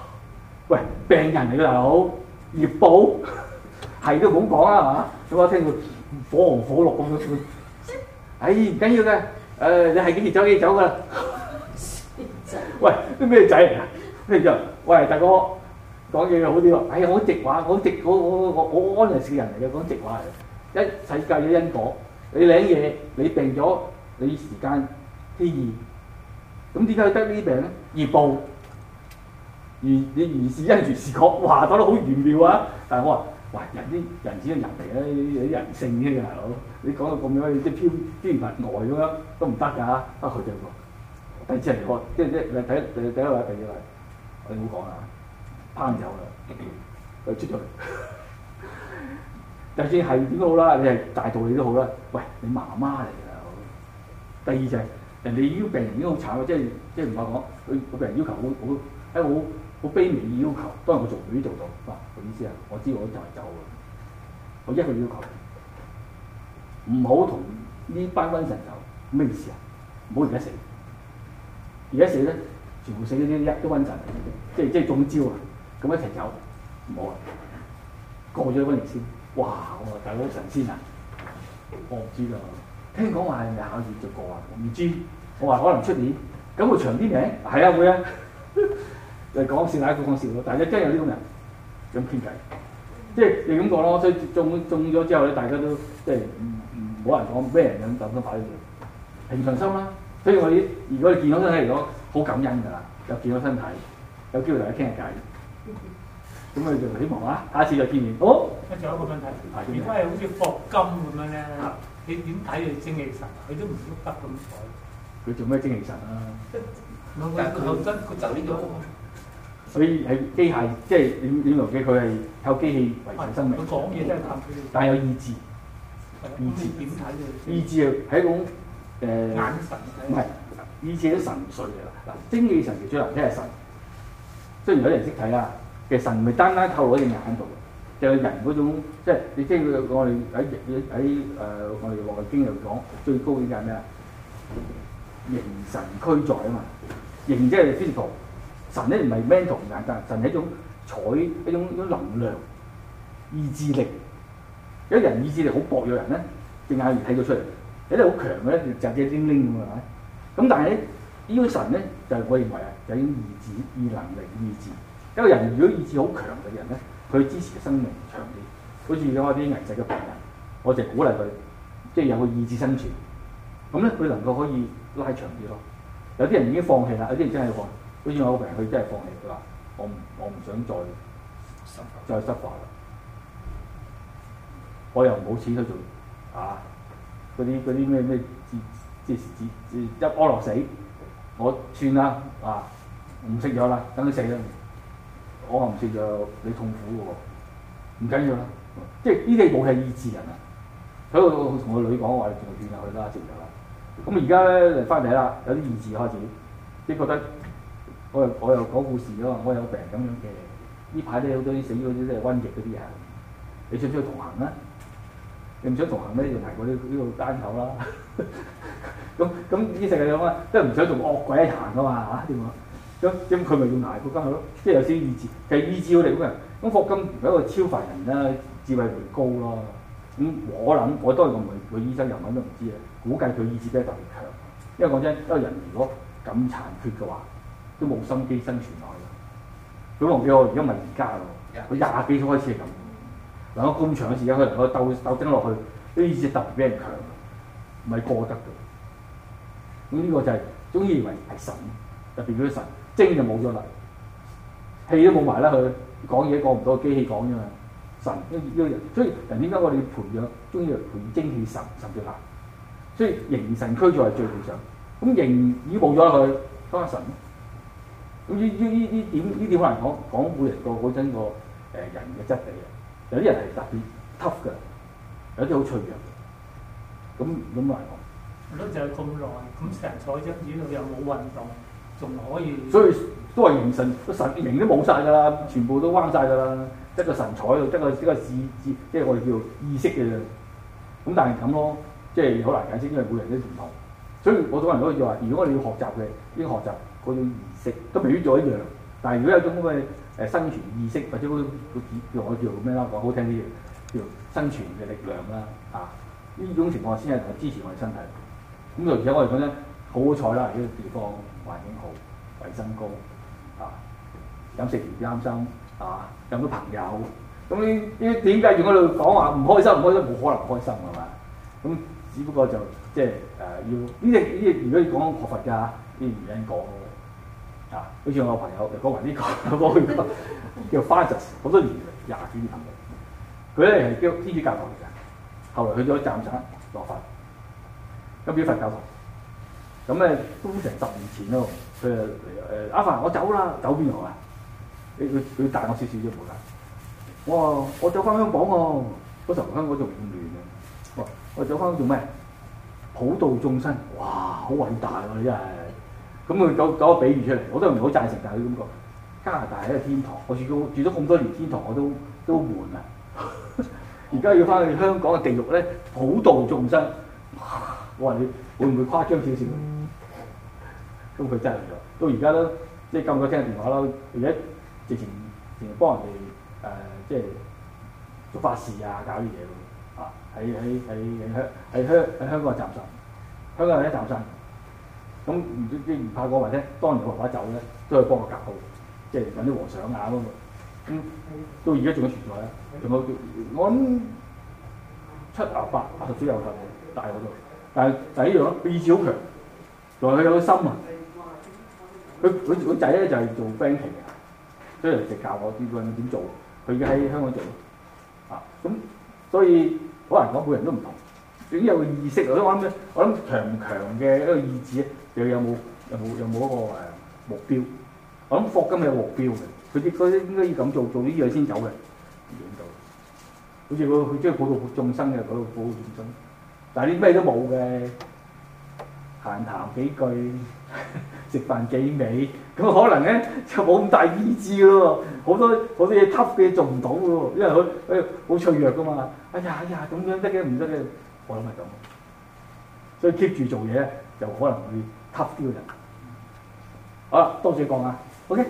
喂，病人嚟嘅 業保 大佬，業報係都咁講啊嘛，咁我聽到火紅火綠咁樣。哎，唔緊要嘅、呃，你係幾時走幾走㗎啦？ 喂，啲咩仔嚟。喂，大哥講嘢好啲喎，哎呀，我直話，我直，我直我我我安人市人嚟嘅，講直話嚟嘅，一世界嘅因果，你領嘢，你病咗，你時間天意，咁點解得呢啲病咧？業報。如你如是因如是果，話講得好玄妙啊！但係我話，哇人啲人只係人嚟嘅，啲人，人性啫㗎大佬。你講到咁樣啲飄飄物外咁樣都唔得㗎嚇。啊佢就講，第二隻你講，即係即係第一第一個第，第二個，我冇講啊，翻走啦，出咗嚟。就算係點都好啦，你係大道理都好啦。喂，你媽媽嚟㗎，第二就係、是、人哋呢病人已經好慘㗎，即係即係唔怕講，佢、就、個、是、病人要求好好喺我。好卑微嘅要求，當我做女做到，嗱，個意思啊，我知道我就係走嘅，我一個要求，唔好同呢班瘟神走，咩意思啊？唔好而家死，而家死咧，全部死咗呢一啲瘟神，即係即係中招啊，咁一齊走，唔好啊，過咗一年先，哇！我話大佬神仙啊，我唔知道。聽講話係咪考試就過啊？唔知，我話可能出年，咁會長啲命。係啊會啊。 就講笑，大家講笑咯。大家真有呢種人咁傾偈，即係你咁講咯。所以中中咗之後咧，大家都即係唔唔冇人講咩人咁咁樣擺啲嘢。平常心啦。所以我如果係健康身體嚟講，好感恩㗎啦。就健康身體，有機會大家傾下偈。咁我哋就希望啦，下次再見面。哦，仲有一個問題，如果係好似霍金咁樣咧，你點睇佢精氣神？佢都唔郁
得咁彩。
佢做咩精氣神啊？但
係佢真，佢就呢度。
所以喺機械，即係點點邏輯？佢係靠機器維持生命，嘢但係有意志，意志點睇咧？意志係一種眼神唔係，意志都神髓嚟啦。嗱，精氣神其最頭先係神，雖然有啲人識睇啦，其實神唔係單單靠喺隻眼度，就係、是、人嗰種即係你知、呃，我哋喺喺誒，我哋《內經》又講最高嘅係咩啊？形神俱在啊嘛，形即係 physical。神咧唔係 man 唔簡單，神係一種彩，一種一種能量意志力。有人意志力好薄弱，人咧，隻眼越睇到出嚟，睇得好強嘅咧，就隻隻拎拎咁啊，係。咁但係呢，呃呃呃呃呃、呢種、這個、神咧，就我認為啊，就係一種意志、意能力、意志。一個人如果意志好強嘅人咧，佢支持嘅生命長啲。好似咁啲危疾嘅病人，我就鼓勵佢，即係有個意志生存。咁咧，佢能夠可以拉長啲咯。有啲人已經放棄啦，有啲人真係放。好似我個病人，佢真係放棄啦！我唔我唔想再再失敗啦！我又冇錢去做啊！嗰啲啲咩咩即時治一屙落死，我算啦啊！唔識咗啦，等佢死啦！我話唔識咗，你痛苦嘅喎，唔緊要啦，即係呢啲冇係意志人啊！所以同個女講話，你轉入去啦，直咗啦。咁而家咧嚟翻嚟啦，有啲意志開始，即係覺得。我又我又講故事咯，我有病咁樣嘅。呢排都好多啲死咗，啲即係瘟疫嗰啲人，你想唔想同行咧？你唔想同行咧、 啊，就捱過呢呢個關口啦。咁咁啲人係咁啊，即係唔想做惡鬼行噶嘛嚇，點啊？咁咁佢咪要捱嗰關口咯。即係有少意志，即係意志力咁樣。咁霍金係一個超凡人啦，智慧度高啦。咁我諗我都多過每每醫生、藥品都唔知咧，估計佢意志咧特別強。因為講真，因個人如果咁殘缺嘅話，都冇心機生存落去，去。佢忘記，我而家唔係而家啦，佢廿幾歲開始係咁，捱咗咁長嘅時間，佢能佢鬥鬥爭落去，呢意志特別俾人強，唔係過得嘅。咁呢個就係中醫認為係神入邊嗰啲神精就冇咗啦，氣都冇埋啦。佢講嘢講唔到，機器講啫嘛。神因為因所以人點解我哋要培養中醫培養精氣神甚至下，所以形神俱在係最理想。咁形已經冇咗啦，佢講神。咁依點依可能講講每人個嗰陣個人嘅呃、質地啊，有啲人係特別 tough 嘅，有啲好脆弱。咁咁難講，都就係咁耐，咁成日坐張紙度又冇運動，
仲可以。所以
都係形神，都神,神形都冇曬㗎啦，全部都彎曬㗎啦，得個神采，得個得個,得個即係我哋叫做意識嘅。咁但係咁咯，即係好難解釋，因為每人都唔同。所以我都人可以話，如果你要學習嘅，應該學習。嗰種意識都未必做一樣，但係如果有一種咁嘅誒生存意識，或者叫我叫咩啦？講好聽啲，叫生存嘅力量啦，啊，呢種情況先係支持我嘅身體。咁對而且我哋講咧，好好彩啦，呢個地方環境好，衞生高，啊，飲食唔擔心，啊，有咗朋友，咁呢呢點解仲喺度講話唔開心？唔開心冇可能唔開心㗎嘛？咁只不過就即係誒要呢啲呢？如果要講學佛㗎，啲原因講。啊！好似我個朋友就講埋呢個，講叫 Fathers 好多年，廿幾年朋友，佢咧係叫天主教徒嚟嘅，後來去咗湛湛落凡，今朝凡教授，咁咧都成十年前咯。佢誒、欸、阿凡，我走啦，走邊度啊？你佢佢帶我少少啫，冇帶我話我走翻香港喎、啊，嗰陣間香港仲亂咧。我我走翻做咩？普渡眾生，哇！好偉大喎、啊，真係～咁佢搞搞個比喻出嚟，我都唔係好贊成，但係佢感覺加拿大係一個天堂，我住咗住咗咁多年天堂，我都都悶啦。而家要翻去香港嘅地獄咧，普度眾生。哇！我話你會唔會誇張少少？咁、嗯、佢真係咗，到而家都即係咁多聽電話啦，而家直情直情幫人哋、呃、即係做法事啊，搞啲嘢喎。啊，喺喺喺香喺香喺香港嘅站上，香港人一站上咁唔即唔怕講話啫，當然我爸爸走咧，都係幫我搞好即係揾啲和尚啊咁啊，咁
到而家仲有存在仲有
我諗七啊八八十歲都有份大嗰度，但係第一樣咯，意志好強，內裏有,有心啊！佢佢佢仔咧就係做兵 a n k n g 嘅，所以就教我點點點做。佢而家喺香港做啊，咁所以可能我講每人都唔同，總有個意識。我諗我諗強強強嘅一個意志咧。又有冇有冇有冇嗰個誒目標？我諗霍金係有目標嘅，佢啲佢啲應該要咁做做啲嘢先走嘅領到？好似個佢中意普度眾生嘅，普度普度眾生，但係你咩都冇嘅，閒談幾句，食飯幾味，咁可能咧就冇咁大意志咯。好多好多嘢吸嘅做唔到嘅喎，因為佢佢好脆弱噶嘛。
哎呀哎呀，咁樣
得嘅唔得嘅，我諗係咁。所以 keep 住做嘢就可能會。吸掉啦！好啦，多謝講啊，OK。